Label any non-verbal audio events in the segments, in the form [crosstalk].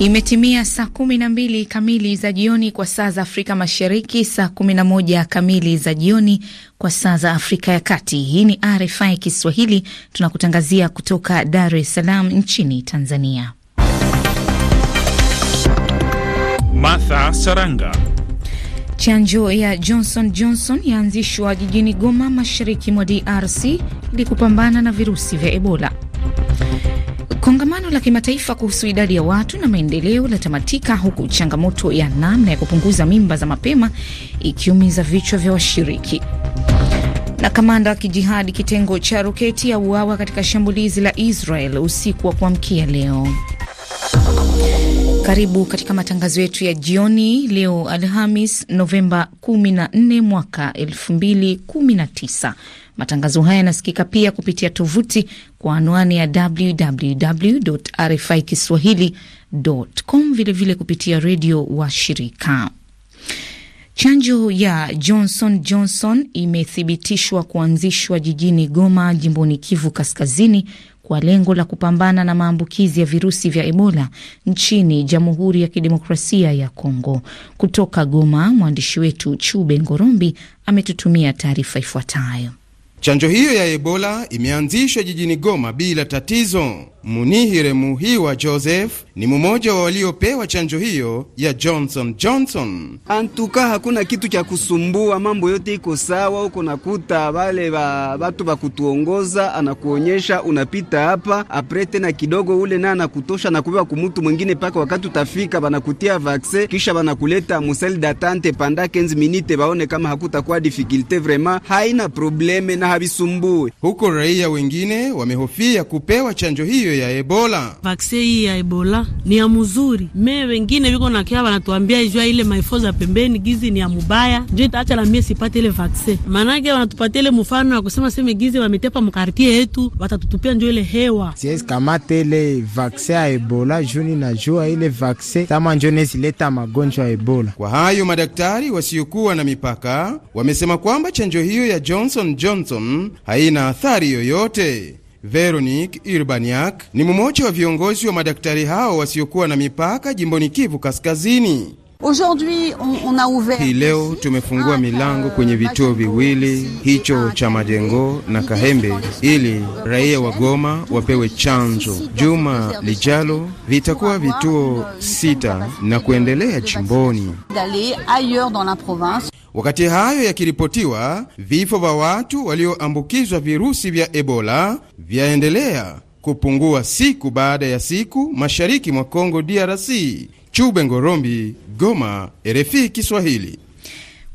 Imetimia saa kumi na mbili kamili za jioni kwa saa za Afrika Mashariki, saa kumi na moja kamili za jioni kwa saa za Afrika ya Kati. Hii ni RFI Kiswahili, tunakutangazia kutoka Dar es Salaam nchini Tanzania. Martha Saranga. Chanjo ya Johnson Johnson yaanzishwa jijini Goma, mashariki mwa DRC ili kupambana na virusi vya Ebola. Kongamano la kimataifa kuhusu idadi ya watu na maendeleo latamatika huku changamoto ya namna ya kupunguza mimba za mapema ikiumiza vichwa vya washiriki. Na kamanda wa kijihadi kitengo cha roketi uawa katika shambulizi la Israel usiku wa kuamkia leo. Karibu katika matangazo yetu ya jioni leo Alhamis Novemba 14 mwaka 2019. Matangazo haya yanasikika pia kupitia tovuti kwa anwani ya www RFI kiswahilicom, vilevile kupitia redio wa shirika. Chanjo ya Johnson Johnson imethibitishwa kuanzishwa jijini Goma, jimboni Kivu Kaskazini, kwa lengo la kupambana na maambukizi ya virusi vya Ebola nchini Jamhuri ya Kidemokrasia ya Kongo. Kutoka Goma, mwandishi wetu Chube Ngorombi ametutumia taarifa ifuatayo. Chanjo hiyo ya Ebola imeanzishwa jijini Goma bila tatizo. Munihire Muhiwa Joseph ni mmoja wa waliopewa chanjo hiyo ya Johnson Johnson. Antuka hakuna kitu cha kusumbua, mambo yote iko sawa. Uko nakuta wale ba, batu bakutuongoza anakuonyesha unapita hapa, apre tena kidogo ule na anakutosha na kubeba kumutu mwingine paka wakati utafika, banakutia vaksin kisha banakuleta musel datante panda kenzi minite, baone kama hakutakuwa difikilte. Vrema haina probleme na habisumbue huko. Raia wengine wamehofia kupewa chanjo hiyo ya Ebola, vaksin hii ya Ebola ni ya mzuri. Me wengine viko na kia wanatuambia ijua ile maifoza pembeni gizi ni ya mubaya, njo itaacha na mie sipate ile vaksin. Maanake wanatupatia ile mfano wa kusema seme gizi wametepa mkartie yetu watatutupia njo ile hewa. Siwezi kamate ile vaksin ya Ebola juni na jua ile vaksin kama njo nezileta magonjwa ya Ebola. Kwa hayo madaktari wasiokuwa na mipaka wamesema kwamba chanjo hiyo ya Johnson Johnson haina athari yoyote. Veronique Urbaniak ni mmoja wa viongozi wa madaktari hao wasiokuwa na mipaka jimboni Kivu Kaskazini. Hii leo tumefungua milango kwenye vituo viwili hicho cha Majengo na Kahembe ili raia wa Goma wapewe chanjo. Juma lijalo vitakuwa vituo sita na kuendelea jimboni. Wakati hayo yakiripotiwa, vifo vya watu walioambukizwa virusi vya Ebola vyaendelea kupungua siku baada ya siku mashariki mwa Kongo DRC. Chube Ngorombi, Goma, RFI Kiswahili.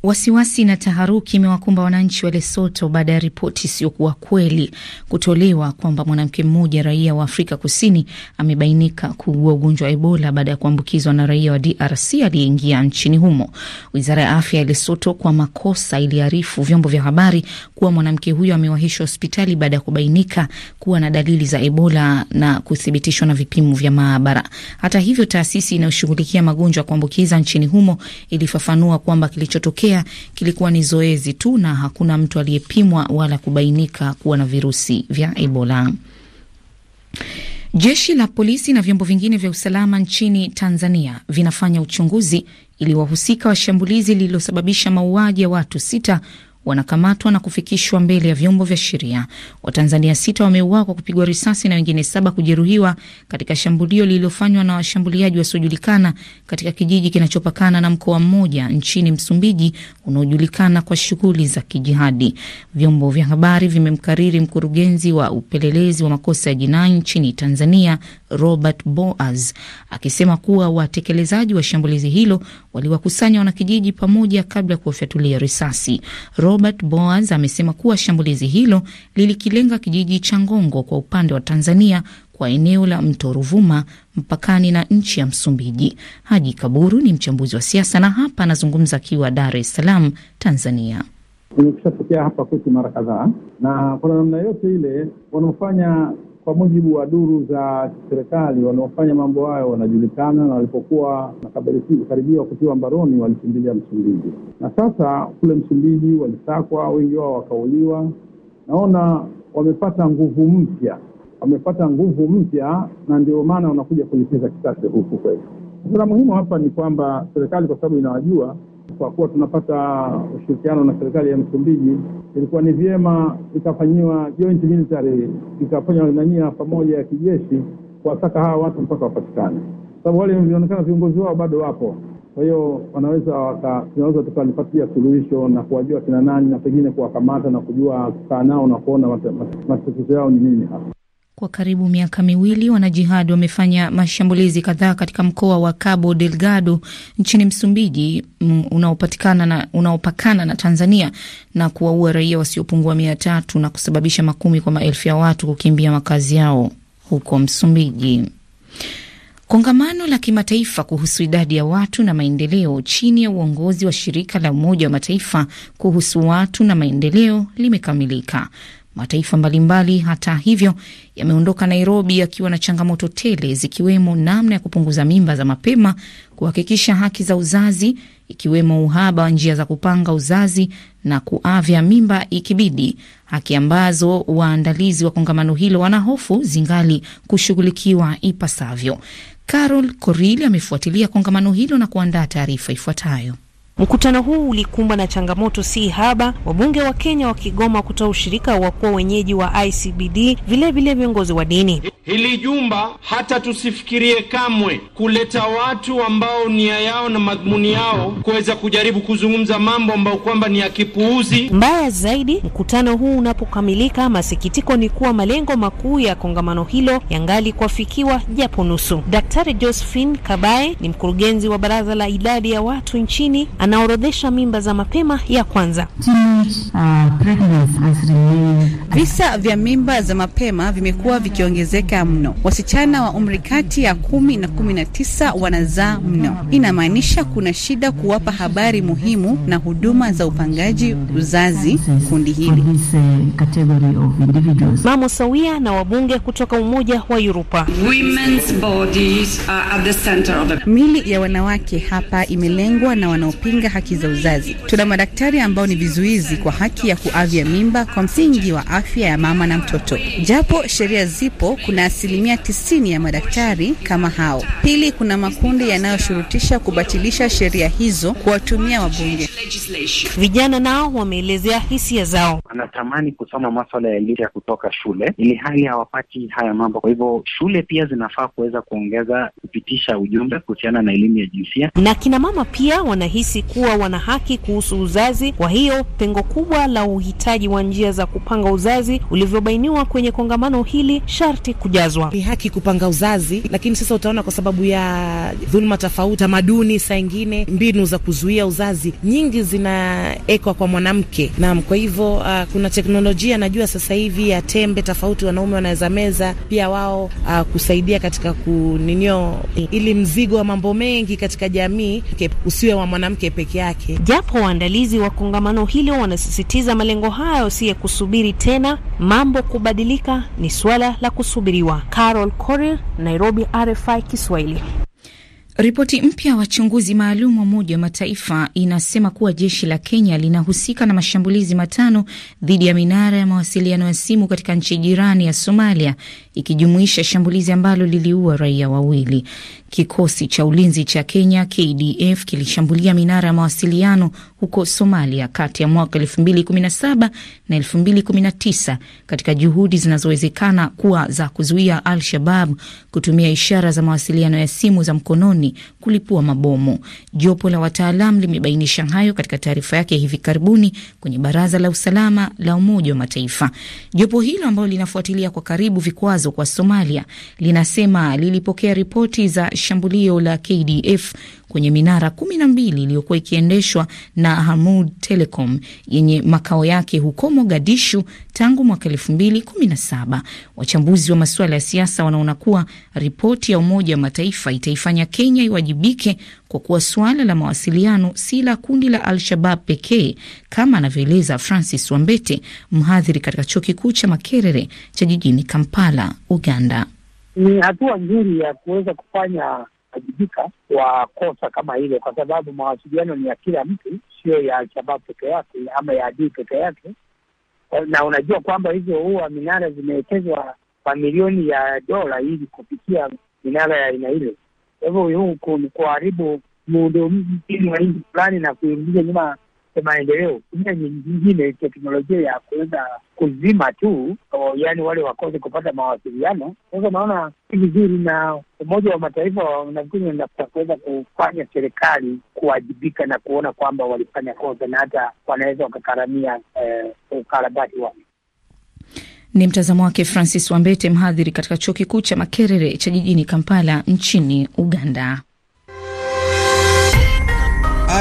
Wasiwasi na taharuki imewakumba wananchi wa Lesoto baada ya ripoti isiyokuwa kweli kutolewa kwamba mwanamke mmoja raia wa Afrika Kusini amebainika kuugua ugonjwa wa Ebola baada ya kuambukizwa na raia wa DRC aliyeingia nchini humo. Wizara ya afya ya Lesoto kwa makosa iliarifu vyombo vya habari kuwa mwanamke huyo amewahishwa hospitali baada ya kubainika kuwa na dalili za Ebola na kuthibitishwa na vipimo vya maabara. Hata hivyo, taasisi inayoshughulikia magonjwa ya kuambukiza nchini humo ilifafanua kwamba kilichotokea kilichotokea kilikuwa ni zoezi tu na hakuna mtu aliyepimwa wala kubainika kuwa na virusi vya Ebola. Jeshi la polisi na vyombo vingine vya usalama nchini Tanzania vinafanya uchunguzi ili wahusika wa shambulizi lililosababisha mauaji ya watu sita wanakamatwa na kufikishwa mbele ya vyombo vya sheria. Watanzania sita wameuawa kwa kupigwa risasi na wengine saba kujeruhiwa katika shambulio lililofanywa na washambuliaji wasiojulikana katika kijiji kinachopakana na mkoa mmoja nchini Msumbiji unaojulikana kwa shughuli za kijihadi. Vyombo vya habari vimemkariri mkurugenzi wa upelelezi wa makosa ya jinai nchini Tanzania Robert Boas akisema kuwa watekelezaji wa shambulizi hilo waliwakusanya wanakijiji pamoja kabla ya kuwafyatulia risasi. Robert Boas amesema kuwa shambulizi hilo lilikilenga kijiji cha Ngongo kwa upande wa Tanzania kwa eneo la mto Ruvuma mpakani na nchi ya Msumbiji. Haji Kaburu ni mchambuzi wa siasa na hapa anazungumza akiwa Dar es Salaam, Tanzania. Imekishatokea hapa kwetu mara kadhaa, na kuna namna yote ile wanaofanya kwa mujibu wa duru za serikali, wanaofanya mambo hayo wanajulikana, na walipokuwa nakaribiwa kutiwa mbaroni walikimbilia Msumbiji, na sasa kule Msumbiji walisakwa, wengi wao wakauliwa. Naona wamepata nguvu mpya, wamepata nguvu mpya, na ndio maana wanakuja kulipiza kisasi huku kwetu. Suala muhimu hapa ni kwamba serikali, kwa sababu inawajua kwa kuwa tunapata ushirikiano na serikali ya Msumbiji, ilikuwa ni vyema ikafanyiwa joint military, ikafanywa nania pamoja ya kijeshi kuwasaka hawa watu mpaka wapatikane, sababu wale vinaonekana viongozi wao bado wapo. Kwa hiyo wanaweza waka, tunaweza tukalipatia suluhisho na kuwajua kina nani na pengine kuwakamata na kujua kukaa nao na kuona matatizo yao ni nini hasa. Kwa karibu miaka miwili wanajihadi wamefanya mashambulizi kadhaa katika mkoa wa Cabo Delgado nchini Msumbiji unaopatikana na unaopakana na Tanzania na kuwaua raia wasiopungua mia tatu na kusababisha makumi kwa maelfu ya watu kukimbia makazi yao huko Msumbiji. Kongamano la kimataifa kuhusu idadi ya watu na maendeleo chini ya uongozi wa shirika la Umoja wa Mataifa kuhusu watu na maendeleo limekamilika. Mataifa mbalimbali hata hivyo yameondoka Nairobi yakiwa na changamoto tele, zikiwemo namna ya kupunguza mimba za mapema, kuhakikisha haki za uzazi, ikiwemo uhaba wa njia za kupanga uzazi na kuavya mimba ikibidi, haki ambazo waandalizi wa kongamano hilo wanahofu zingali kushughulikiwa ipasavyo. Carol corili amefuatilia kongamano hilo na kuandaa taarifa ifuatayo. Mkutano huu ulikumbwa na changamoto si haba, wabunge wa Kenya wakigoma kutoa ushirika wa kuwa wenyeji wa ICBD, vilevile viongozi wa dini. Hili jumba hata tusifikirie kamwe kuleta watu ambao nia yao na madhumuni yao kuweza kujaribu kuzungumza mambo ambayo kwamba ni ya kipuuzi. Mbaya zaidi, mkutano huu unapokamilika, masikitiko ni kuwa malengo makuu ya kongamano hilo yangali kuafikiwa japo nusu. Daktari Josephine kabae ni mkurugenzi wa baraza la idadi ya watu nchini anaorodhesha mimba za mapema ya kwanza. Visa vya mimba za mapema vimekuwa vikiongezeka mno. Wasichana wa umri kati ya kumi na kumi na tisa wanazaa mno. Inamaanisha kuna shida kuwapa habari muhimu na huduma za upangaji uzazi kundi hili. Uh, Mamo sawia na wabunge kutoka Umoja wa Yuropa. mili ya wanawake hapa imelengwa na wanaopinga kupinga haki za uzazi. Tuna madaktari ambao ni vizuizi kwa haki ya kuavya mimba kwa msingi wa afya ya mama na mtoto. Japo sheria zipo, kuna asilimia tisini ya madaktari kama hao. Pili, kuna makundi yanayoshurutisha kubatilisha sheria hizo kuwatumia wabunge. Vijana nao wameelezea hisia zao, wanatamani kusoma maswala ya elimu ya kutoka shule, ili hali hawapati haya mambo. Kwa hivyo shule pia zinafaa kuweza kuongeza kupitisha ujumbe kuhusiana na elimu ya jinsia, na kina mama pia wanahisi kuwa wana haki kuhusu uzazi. Kwa hiyo pengo kubwa la uhitaji wa njia za kupanga uzazi ulivyobainiwa kwenye kongamano hili sharti kujazwa. Ni haki kupanga uzazi, lakini sasa utaona kwa sababu ya dhuluma tofauti, tamaduni, saa ingine mbinu za kuzuia uzazi nyingi zinaekwa kwa mwanamke. Naam, kwa hivyo uh, kuna teknolojia najua sasa hivi ya tembe tofauti wanaume wanaweza meza pia wao uh, kusaidia katika kuninio, ili mzigo wa mambo mengi katika jamii usiwe wa mwanamke peke yake, japo waandalizi wa kongamano hilo wanasisitiza malengo hayo si ya kusubiri tena mambo kubadilika, ni suala la kusubiriwa. Carol Korir, Nairobi, RFI Kiswahili. Ripoti mpya wachunguzi maalum wa Umoja wa Mataifa inasema kuwa jeshi la Kenya linahusika na mashambulizi matano dhidi ya minara ya mawasiliano ya simu katika nchi jirani ya Somalia, ikijumuisha shambulizi ambalo liliua raia wawili. Kikosi cha ulinzi cha Kenya KDF kilishambulia minara ya mawasiliano huko Somalia kati ya mwaka 2017 na 2019 katika juhudi zinazowezekana kuwa za kuzuia Al-Shabab kutumia ishara za mawasiliano ya simu za mkononi Marekani kulipua mabomu. Jopo la wataalam limebainisha hayo katika taarifa yake hivi karibuni kwenye Baraza la Usalama la Umoja wa Mataifa. Jopo hilo ambalo linafuatilia kwa karibu vikwazo kwa Somalia linasema lilipokea ripoti za shambulio la KDF kwenye minara kumi na mbili iliyokuwa ikiendeshwa na Hamud Telecom yenye makao yake huko Mogadishu tangu mwaka elfu mbili kumi na saba. Wachambuzi wa masuala ya siasa wanaona kuwa ripoti ya Umoja wa Mataifa itaifanya Kenya iwajibike kwa kuwa suala la mawasiliano si la kundi la Al-Shabab pekee kama anavyoeleza Francis Wambete, mhadhiri katika chuo kikuu cha Makerere cha jijini Kampala, Uganda. Ni hatua nzuri ya kuweza kufanya kuwajibika kwa kosa kama hilo, kwa sababu mawasiliano ni ya kila mtu, sio ya Alshabab peke yake ama ya adui peke yake. Na unajua kwamba hizo huwa minara zimewekezwa mamilioni ya dola ili kufikia minara ya aina ile. Kwa hivyo, huu ni kuharibu miundombinu wa nchi fulani na kuingiza nyuma maendeleo, tumia nyingine teknolojia ya kuweza kuzima tu, yani wale wakose kupata mawasiliano. Sasa unaona si vizuri, na Umoja wa Mataifa nafikiri unatafuta kuweza kufanya serikali kuwajibika na kuona kwamba walifanya kosa na hata wanaweza wakakaramia eh, ukarabati wa wake. Ni mtazamo wake Francis Wambete, mhadhiri katika chuo kikuu cha Makerere cha jijini Kampala nchini Uganda.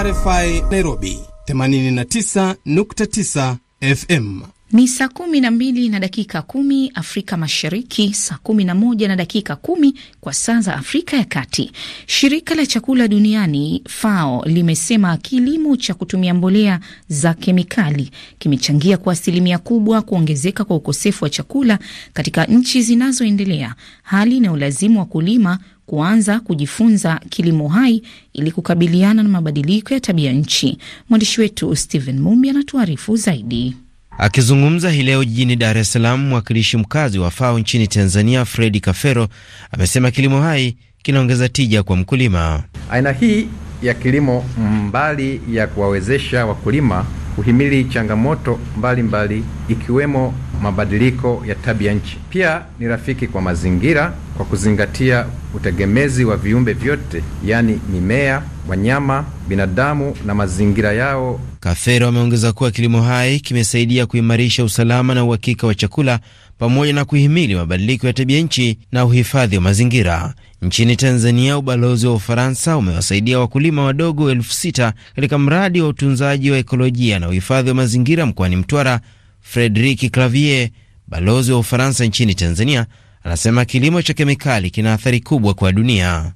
RFI Nairobi 89.9 FM. Ni saa kumi na mbili na dakika kumi Afrika Mashariki, saa kumi na moja na dakika kumi kwa saa za Afrika ya Kati. Shirika la chakula duniani FAO limesema kilimo cha kutumia mbolea za kemikali kimechangia kwa asilimia kubwa kuongezeka kwa ukosefu wa chakula katika nchi zinazoendelea, hali inayolazimu wakulima kuanza kujifunza kilimo hai ili kukabiliana na mabadiliko ya tabia nchi. Mwandishi wetu Stephen Mumbi anatuarifu zaidi. Akizungumza hii leo jijini Dar es Salaam, mwakilishi mkazi wa FAO nchini Tanzania Fredi Kafero amesema kilimo hai kinaongeza tija kwa mkulima. Aina hii ya kilimo, mbali ya kuwawezesha wakulima kuhimili changamoto mbalimbali mbali, ikiwemo mabadiliko ya tabia nchi, pia ni rafiki kwa mazingira kwa kuzingatia utegemezi wa viumbe vyote, yaani mimea, wanyama, binadamu na mazingira yao Kafero ameongeza kuwa kilimo hai kimesaidia kuimarisha usalama na uhakika wa chakula pamoja na kuhimili mabadiliko ya tabia nchi na uhifadhi wa mazingira. Nchini Tanzania, ubalozi wa Ufaransa umewasaidia wakulima wadogo elfu sita katika mradi wa utunzaji wa ekolojia na uhifadhi wa mazingira mkoani Mtwara. Frederiki Clavier, balozi wa Ufaransa nchini Tanzania, anasema kilimo cha kemikali kina athari kubwa kwa dunia.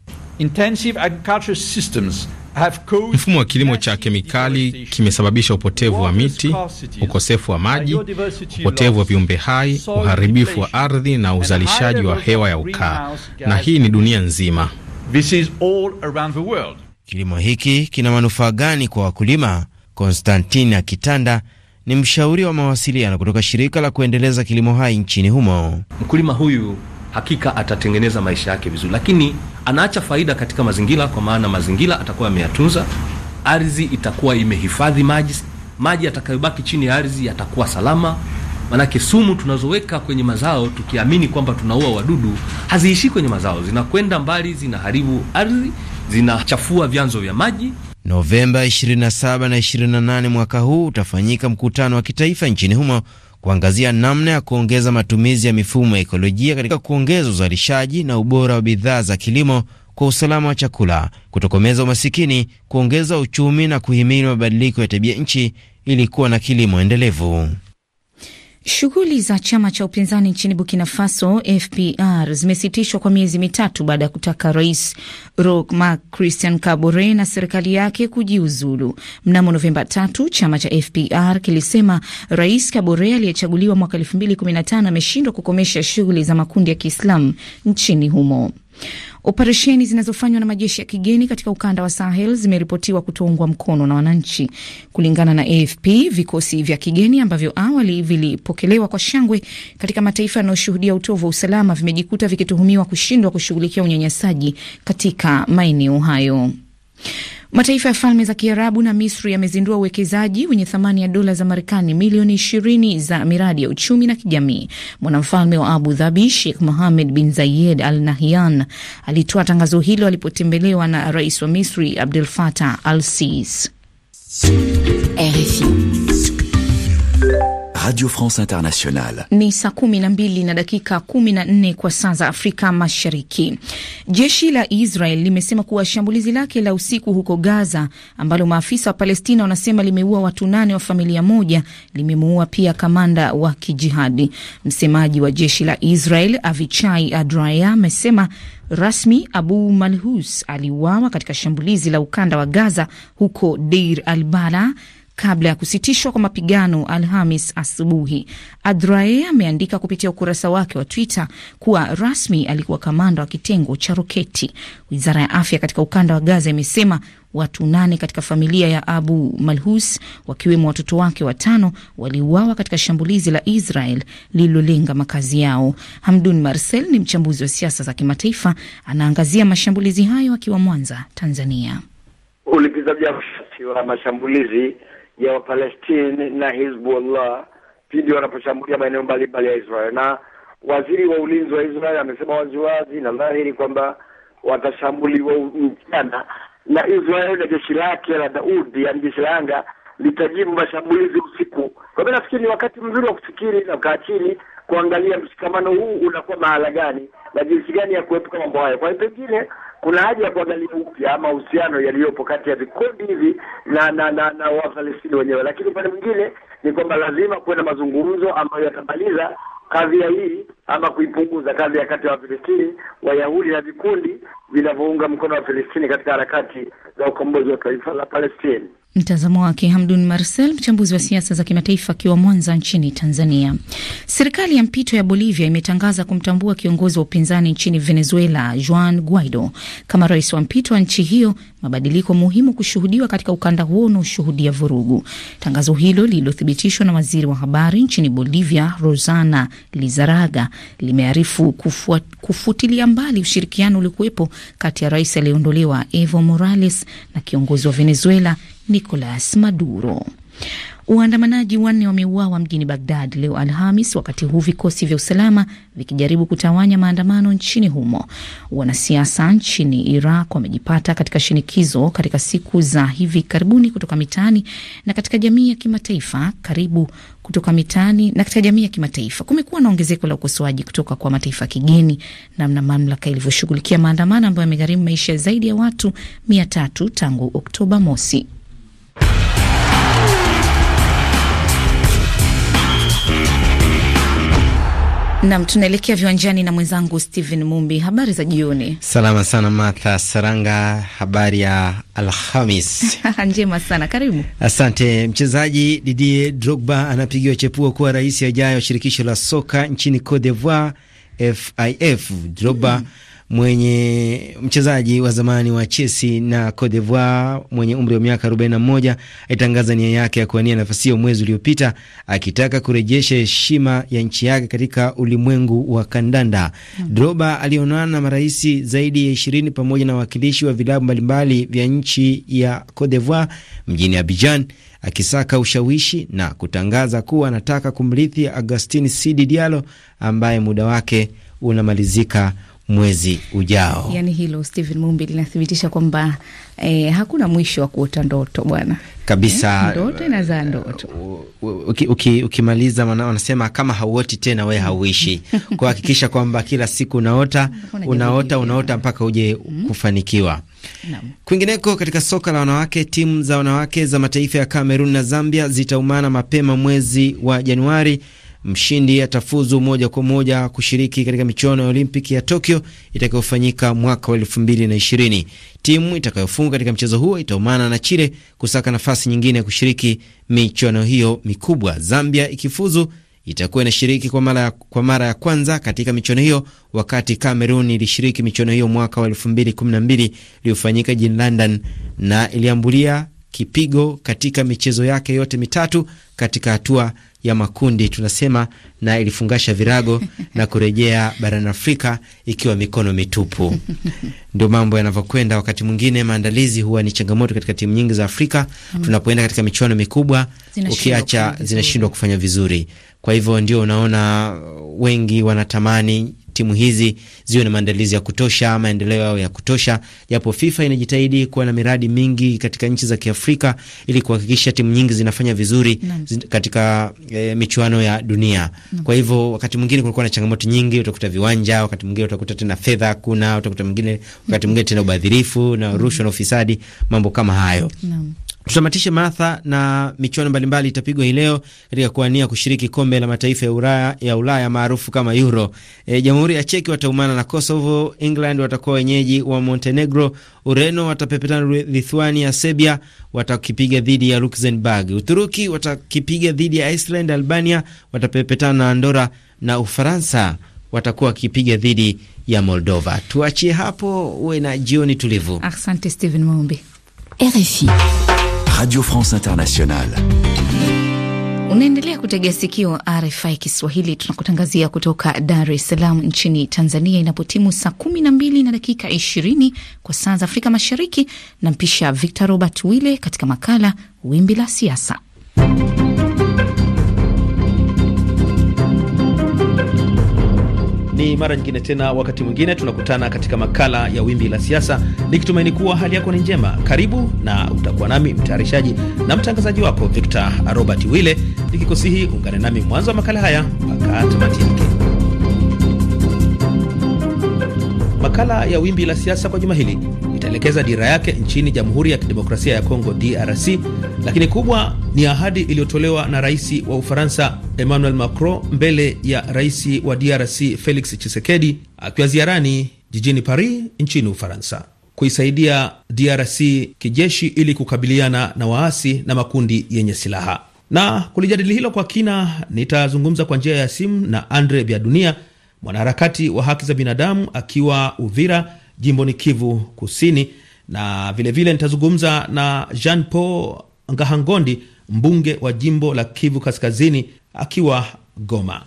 Mfumo wa kilimo cha kemikali kimesababisha upotevu wa miti, ukosefu wa maji, upotevu wa viumbe hai, uharibifu wa ardhi na uzalishaji wa hewa ya ukaa, na hii ni dunia nzima. Kilimo hiki kina manufaa gani kwa wakulima? Konstantina Kitanda ni mshauri wa mawasiliano kutoka shirika la kuendeleza kilimo hai nchini humo. Mkulima huyu hakika atatengeneza maisha yake vizuri, lakini anaacha faida katika mazingira, kwa maana mazingira atakuwa ameyatunza, ardhi itakuwa imehifadhi maji, maji atakayobaki chini ya ardhi yatakuwa salama. Manake sumu tunazoweka kwenye mazao tukiamini kwamba tunaua wadudu haziishi kwenye mazao, zinakwenda mbali, zinaharibu ardhi, zinachafua vyanzo vya maji. Novemba 27 na 28 mwaka huu utafanyika mkutano wa kitaifa nchini humo kuangazia namna ya kuongeza matumizi ya mifumo ya ekolojia katika kuongeza uzalishaji na ubora wa bidhaa za kilimo kwa usalama wa chakula, kutokomeza umasikini, kuongeza uchumi na kuhimili mabadiliko ya tabia nchi ili kuwa na kilimo endelevu. Shughuli za chama cha upinzani nchini Burkina Faso, FPR, zimesitishwa kwa miezi mitatu baada ya kutaka rais Roch Marc Christian Kabore na serikali yake kujiuzulu. Mnamo Novemba tatu, chama cha FPR kilisema rais Kabore aliyechaguliwa mwaka 2015 ameshindwa kukomesha shughuli za makundi ya Kiislamu nchini humo. Operesheni zinazofanywa na majeshi ya kigeni katika ukanda wa Sahel zimeripotiwa kutoungwa mkono na wananchi. Kulingana na AFP, vikosi vya kigeni ambavyo awali vilipokelewa kwa shangwe katika mataifa yanayoshuhudia utovu wa usalama vimejikuta vikituhumiwa kushindwa kushughulikia unyanyasaji katika maeneo hayo. Mataifa ya Falme za Kiarabu na Misri yamezindua uwekezaji wenye thamani ya dola za Marekani milioni ishirini za miradi ya uchumi na kijamii. Mwanamfalme wa Abu Dhabi Sheikh Mohammed bin Zayed Al Nahyan alitoa tangazo hilo alipotembelewa na rais wa Misri Abdel Fattah Al Sisi. RFI. Radio France Internationale. Ni saa kumi na mbili na dakika kumi na nne kwa saa za Afrika Mashariki. Jeshi la Israel limesema kuwa shambulizi lake la usiku huko Gaza, ambalo maafisa wa Palestina wanasema limeua watu nane wa familia moja, limemuua pia kamanda wa kijihadi. Msemaji wa jeshi la Israel Avichai Adraya amesema rasmi Abu Malhus aliuawa katika shambulizi la ukanda wa Gaza huko Deir al Bala kabla ya kusitishwa kwa mapigano Alhamis asubuhi. Adrae ameandika kupitia ukurasa wake wa Twitter kuwa rasmi alikuwa kamanda wa kitengo cha roketi. Wizara ya afya katika ukanda wa Gaza imesema watu nane katika familia ya Abu Malhus wakiwemo watoto wake watano waliuawa katika shambulizi la Israel lililolenga makazi yao. Hamdun Marcel ni mchambuzi wa siasa za kimataifa, anaangazia mashambulizi hayo akiwa Mwanza, Tanzania. Ulipizaji wa mashambulizi ya Wapalestini na Hizbullah pindi wanaposhambulia maeneo mbalimbali ya Israel. Na waziri wa ulinzi wa Israel amesema waziwazi na dhahiri kwamba watashambuliwa mchana na Israel na jeshi lake la Daudi, yani jeshi la anga litajibu mashambulizi usiku. Kwa hivyo nafikiri ni wakati mzuri wa kufikiri na kukaa chini kuangalia mshikamano huu unakuwa mahala gani na jinsi gani ya kuepuka mambo hayo. Kwa hiyo pengine kuna haja ya kuangalia upya mahusiano yaliyopo kati ya vikundi hivi na na na, na Wafalestini wenyewe, lakini upande mwingine ni kwamba lazima kuwe na mazungumzo ambayo yatamaliza ya hii ama kuipunguza ya kati ya Wafilistini, Wayahudi na vikundi vinavyounga mkono Filistini katika harakati za ukombozi wa taifa la Palestini. Mtazamo wake Hamdun Marcel, mchambuzi wa siasa za kimataifa akiwa Mwanza nchini Tanzania. Serikali ya mpito ya Bolivia imetangaza kumtambua kiongozi wa upinzani nchini Venezuela, Juan Guaido, kama rais wa mpito wa nchi hiyo, mabadiliko muhimu kushuhudiwa katika ukanda huo unaoshuhudia vurugu. Tangazo hilo lililothibitishwa na waziri wa habari nchini Bolivia, Rosana Lizaraga, limearifu kufutilia mbali ushirikiano uliokuwepo kati ya rais aliyeondolewa Evo Morales na kiongozi wa Venezuela Nicolas Maduro. Waandamanaji wanne wameuawa mjini Bagdad leo Alhamis, wakati huu vikosi vya usalama vikijaribu kutawanya maandamano nchini humo. Wanasiasa nchini Iraq wamejipata katika shinikizo katika siku za hivi karibuni kutoka mitaani na katika jamii ya kimataifa. Karibu kutoka mitaani na katika jamii ya kimataifa, kumekuwa na ongezeko la ukosoaji kutoka kwa mataifa ya kigeni namna mamlaka ilivyoshughulikia maandamano ambayo yamegharimu maisha zaidi ya watu mia tatu tangu Oktoba mosi. Nam, tunaelekea viwanjani na mwenzangu stehen Mumbi. Habari za jioni. Salama sana Martha Saranga, habari ya Alhamis. [laughs] Njema sana, karibu. Asante. Mchezaji Didier Drogba anapigiwa chepuo kuwa rais ajayo shirikisho la soka nchini Cote d'Ivoire, FIF. Drogba mm -hmm mwenye mchezaji wa zamani wa Chelsea na Cote d'Ivoire mwenye umri wa miaka 41 alitangaza nia yake ya kuwania nafasi hiyo mwezi uliopita, akitaka kurejesha heshima ya nchi yake katika ulimwengu wa kandanda. Mm. Droba alionana na marais zaidi ya 20 pamoja na wawakilishi wa vilabu mbalimbali vya nchi ya Cote d'Ivoire mjini Abidjan akisaka ushawishi na kutangaza kuwa anataka kumrithi Agustin Sidi Diallo ambaye muda wake unamalizika mwezi ujao. Yani hilo Stephen Mumbi linathibitisha kwamba eh, hakuna mwisho wa kuota ndoto bwana kabisa. Eh, ndoto inazaa ndoto. Eh, ukimaliza uki, uki wanasema kama hauoti tena we hauishi. [laughs] Kwa hakikisha kwamba kila siku unaota unaota unaota mpaka uje mm-hmm. kufanikiwa. Kwingineko katika soka la wanawake, timu za wanawake za mataifa ya Kamerun na Zambia zitaumana mapema mwezi wa Januari mshindi atafuzu moja kwa moja kushiriki katika michuano ya Olimpiki ya Tokyo itakayofanyika mwaka wa elfu mbili na ishirini. Timu itakayofunga katika mchezo huo itaumana na Chile kusaka nafasi nyingine ya kushiriki michuano hiyo mikubwa. Zambia ikifuzu itakuwa inashiriki kwa mara, kwa mara ya kwanza katika michuano hiyo, wakati Cameroon ilishiriki michuano hiyo mwaka wa elfu mbili kumi na mbili iliyofanyika jijini London na iliambulia kipigo katika michezo yake yote mitatu katika hatua ya makundi tunasema, na ilifungasha virago na kurejea barani Afrika ikiwa mikono mitupu. Ndio mambo yanavyokwenda. Wakati mwingine maandalizi huwa ni changamoto katika timu nyingi za Afrika mm. Tunapoenda katika michuano mikubwa, ukiacha zinashindwa kufanya vizuri. Kwa hivyo ndio unaona wengi wanatamani timu hizi ziwe na maandalizi ya kutosha, maendeleo yao ya kutosha, japo FIFA inajitahidi kuwa na miradi mingi katika nchi za Kiafrika ili kuhakikisha timu nyingi zinafanya vizuri zi, katika e, michuano ya dunia. Kwa hivyo wakati mwingine kulikuwa na changamoto nyingi, utakuta viwanja, wakati mwingine utakuta tena fedha hakuna, utakuta mwingine, wakati mwingine tena ubadhirifu na rushwa na ufisadi, mambo kama hayo. Naam. Tutamatishe Martha na michuano mbalimbali itapigwa hii leo katika kuania kushiriki kombe la mataifa ya Ulaya ya Ulaya maarufu kama Euro. E, Jamhuri ya Cheki wataumana na Kosovo, England watakuwa wenyeji wa Montenegro, Ureno watapepetana Lithuania, Serbia watakipiga dhidi ya Luxembourg, Uturuki watakipiga dhidi ya Iceland, Albania watapepetana na Andora na Ufaransa watakuwa wakipiga dhidi ya Moldova. Tuachie hapo, uwe na jioni tulivu. Asante Steven Mumbi, RFI. Radio France Internationale. Unaendelea kutegea sikio RFI Kiswahili, tunakutangazia kutoka Dar es Salaam nchini Tanzania, inapotimu saa kumi na mbili na dakika ishirini kwa saa za Afrika Mashariki. Nampisha Victor Robert Wille katika makala Wimbi la Siasa. Ni mara nyingine tena, wakati mwingine tunakutana katika makala ya Wimbi la Siasa, nikitumaini kuwa hali yako ni njema. Karibu na utakuwa nami mtayarishaji na mtangazaji wako Victor Robert Wille, nikikusihi ungane nami mwanzo wa makala haya mpaka tamati yake. Makala ya Wimbi la Siasa kwa juma hili itaelekeza dira yake nchini Jamhuri ya Kidemokrasia ya Kongo, DRC, lakini kubwa ni ahadi iliyotolewa na rais wa Ufaransa Emmanuel Macron mbele ya rais wa DRC Felix Tshisekedi akiwa ziarani jijini Paris nchini Ufaransa kuisaidia DRC kijeshi ili kukabiliana na waasi na makundi yenye silaha. Na kulijadili hilo kwa kina, nitazungumza kwa njia ya simu na Andre dunia mwanaharakati wa haki za binadamu akiwa Uvira jimbo ni Kivu Kusini, na vilevile nitazungumza na Jean Paul Ngahangondi, mbunge wa jimbo la Kivu Kaskazini akiwa Goma.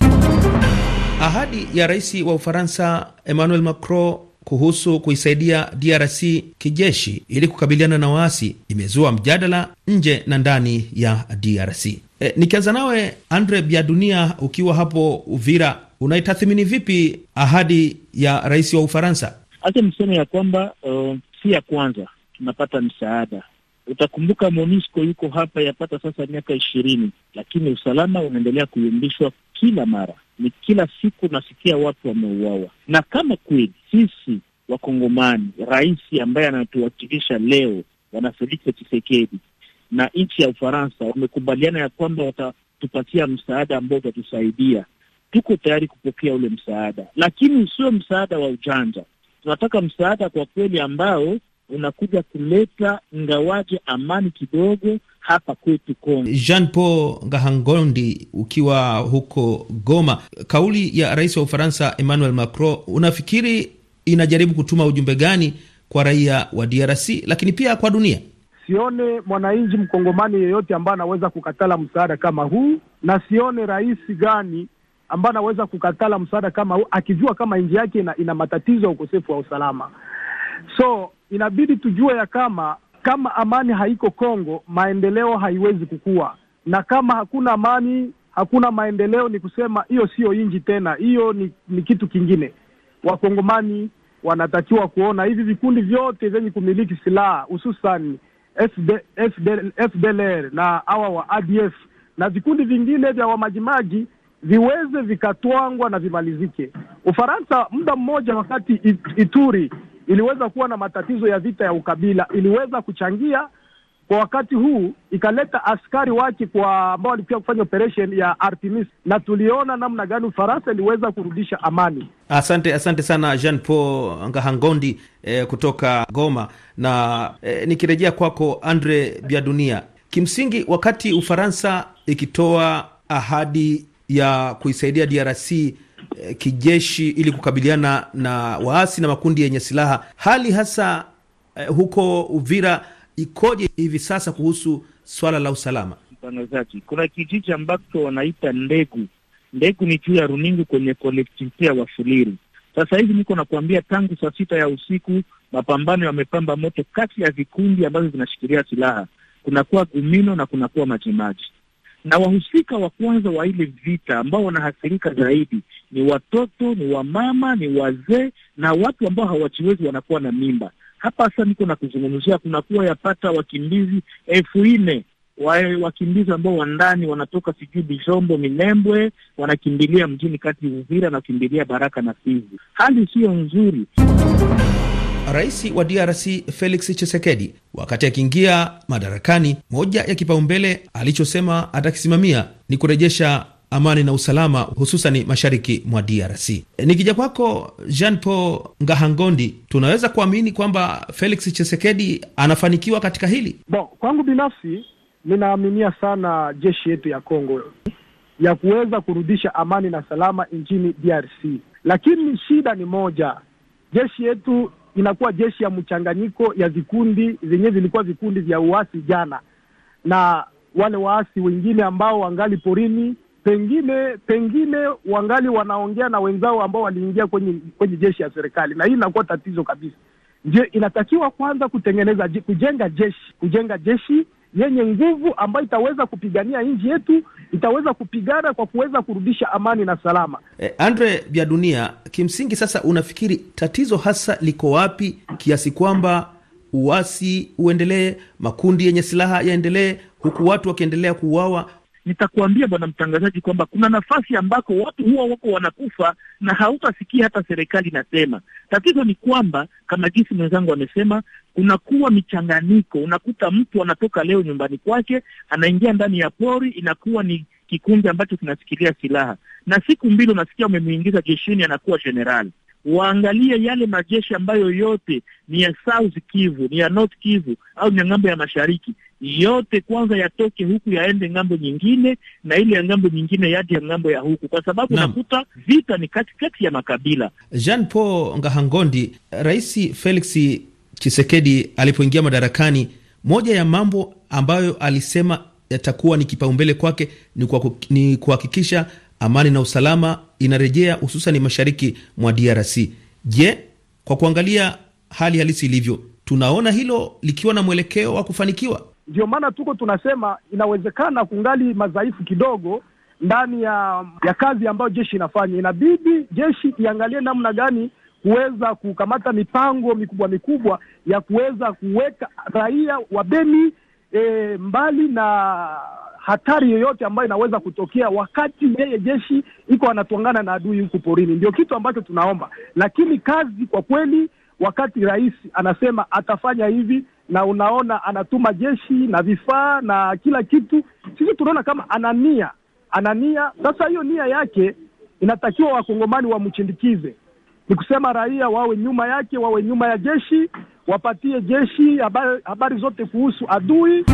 Ahadi ya rais wa Ufaransa Emmanuel Macron kuhusu kuisaidia DRC kijeshi ili kukabiliana na waasi imezua mjadala nje na ndani ya DRC. E, eh, nikianza nawe Andre Biadunia, Dunia, ukiwa hapo Uvira Unaitathmini vipi ahadi ya rais wa Ufaransa? Acha niseme ya kwamba uh, si ya kwanza tunapata msaada. Utakumbuka MONUSCO yuko hapa yapata sasa miaka ishirini, lakini usalama unaendelea kuyumbishwa kila mara, ni kila siku nasikia watu wameuawa. Na kama kweli sisi Wakongomani, rais ambaye anatuwakilisha leo Bwana Felix Tshisekedi na nchi ya Ufaransa wamekubaliana ya kwamba watatupatia msaada ambao utatusaidia tuko tayari kupokea ule msaada, lakini usio msaada wa ujanja. Tunataka msaada kwa kweli ambao unakuja kuleta ngawaje amani kidogo hapa kwetu Kongo. Jean Paul Ngahangondi, ukiwa huko Goma, kauli ya rais wa Ufaransa Emmanuel Macron, unafikiri inajaribu kutuma ujumbe gani kwa raia wa DRC lakini pia kwa dunia? Sione mwananchi mkongomani yeyote ambaye anaweza kukatala msaada kama huu, na sione rais gani ambaye anaweza kukatala msaada kama huu akijua kama nji yake ina, ina matatizo ya ukosefu wa usalama. So inabidi tujue ya kama kama amani haiko Kongo, maendeleo haiwezi kukua, na kama hakuna amani hakuna maendeleo. Ni kusema hiyo siyo nji tena, hiyo ni, ni kitu kingine. Wakongomani wanatakiwa kuona hivi vikundi vyote vyenye kumiliki silaha hususan FD, FD, FDLR na hawa wa ADF na vikundi vingine vya wamajimaji viweze vikatwangwa na vimalizike. Ufaransa muda mmoja, wakati Ituri iliweza kuwa na matatizo ya vita ya ukabila, iliweza kuchangia kwa wakati huu ikaleta askari wake kwa ambao walikuwa kufanya operation ya Artemis, na tuliona namna gani Ufaransa iliweza kurudisha amani. Asante, asante sana Jean Paul Ngahangondi eh, kutoka Goma. Na eh, nikirejea kwako Andre biadunia kimsingi wakati Ufaransa ikitoa ahadi ya kuisaidia DRC eh, kijeshi ili kukabiliana na waasi na makundi yenye silaha. Hali hasa eh, huko Uvira ikoje hivi sasa kuhusu swala la usalama? Mfano kuna kijiji ambacho wanaita Ndegu. Ndegu ni juu ya Runingi kwenye kolektivite ya Wafuliri. Sasa hivi niko nakuambia, tangu saa sita ya usiku mapambano yamepamba moto kati ya vikundi ambavyo vinashikilia silaha, kunakuwa Gumino na kunakuwa Majimaji na wahusika wa kwanza wa ile vita ambao wanahasirika zaidi ni watoto, ni wamama, ni wazee na watu ambao hawajiwezi, wanakuwa na mimba. Hapa sasa niko na kuzungumzia, kunakuwa yapata wakimbizi elfu nne wa wakimbizi ambao wandani wanatoka sijui bishombo Minembwe, wanakimbilia mjini kati Uvira na Baraka na Fizi. Hali siyo nzuri Rais wa DRC Felix chisekedi wakati akiingia madarakani, moja ya kipaumbele alichosema atakisimamia ni kurejesha amani na usalama hususani mashariki mwa DRC. Nikija kwako Jean Paul Ngahangondi, tunaweza kuamini kwamba Felix Chisekedi anafanikiwa katika hili? Bon, kwangu binafsi ninaaminia sana jeshi yetu ya Kongo ya kuweza kurudisha amani na salama nchini DRC, lakini shida ni moja, jeshi yetu inakuwa jeshi ya mchanganyiko ya vikundi zenyewe vilikuwa vikundi vya uasi jana, na wale waasi wengine ambao wangali porini, pengine pengine wangali wanaongea na wenzao ambao waliingia kwenye kwenye jeshi ya serikali, na hii inakuwa tatizo kabisa. Je, inatakiwa kwanza kutengeneza kujenga jeshi kujenga jeshi yenye nguvu ambayo itaweza kupigania nchi yetu, itaweza kupigana kwa kuweza kurudisha amani na salama. Eh, Andre vya dunia kimsingi. Sasa unafikiri tatizo hasa liko wapi kiasi kwamba uasi uendelee, makundi yenye silaha yaendelee, huku watu wakiendelea kuuawa? nitakuambia bwana mtangazaji kwamba kuna nafasi ambako watu huwa wako wanakufa na hautasikia hata serikali inasema. Tatizo ni kwamba kama jinsi mwenzangu amesema, kunakuwa michanganiko. Unakuta mtu anatoka leo nyumbani kwake anaingia ndani ya pori, inakuwa ni kikundi ambacho kinashikilia silaha, na siku mbili unasikia umemwingiza jeshini, anakuwa jenerali. Waangalie yale majeshi ambayo yote ni ya South Kivu, ni ya North Kivu au ni ya ng'ambo ya mashariki yote kwanza yatoke huku yaende ng'ambo nyingine, na ile ya ng'ambo nyingine yaje ya ng'ambo ya huku, kwa sababu nakuta vita ni katikati ya makabila. Jean Paul Ngahangondi, Rais Felix chisekedi alipoingia madarakani, moja ya mambo ambayo alisema yatakuwa ni kipaumbele kwake ni kuhakikisha amani na usalama inarejea hususan mashariki mwa DRC. Je, kwa kuangalia hali halisi ilivyo, tunaona hilo likiwa na mwelekeo wa kufanikiwa? Ndio maana tuko tunasema inawezekana kungali madhaifu kidogo ndani ya ya kazi ambayo jeshi inafanya. Inabidi jeshi iangalie namna gani kuweza kukamata mipango mikubwa mikubwa ya kuweza kuweka raia wa Beni e, mbali na hatari yoyote ambayo inaweza kutokea wakati yeye jeshi iko anatwangana na adui huku porini. Ndio kitu ambacho tunaomba, lakini kazi kwa kweli, wakati rais anasema atafanya hivi na unaona anatuma jeshi na vifaa na kila kitu. Sisi tunaona kama anania anania Sasa hiyo nia yake inatakiwa wakongomani wamchindikize, ni kusema raia wawe nyuma yake, wawe nyuma ya jeshi, wapatie jeshi habari, habari zote kuhusu adui.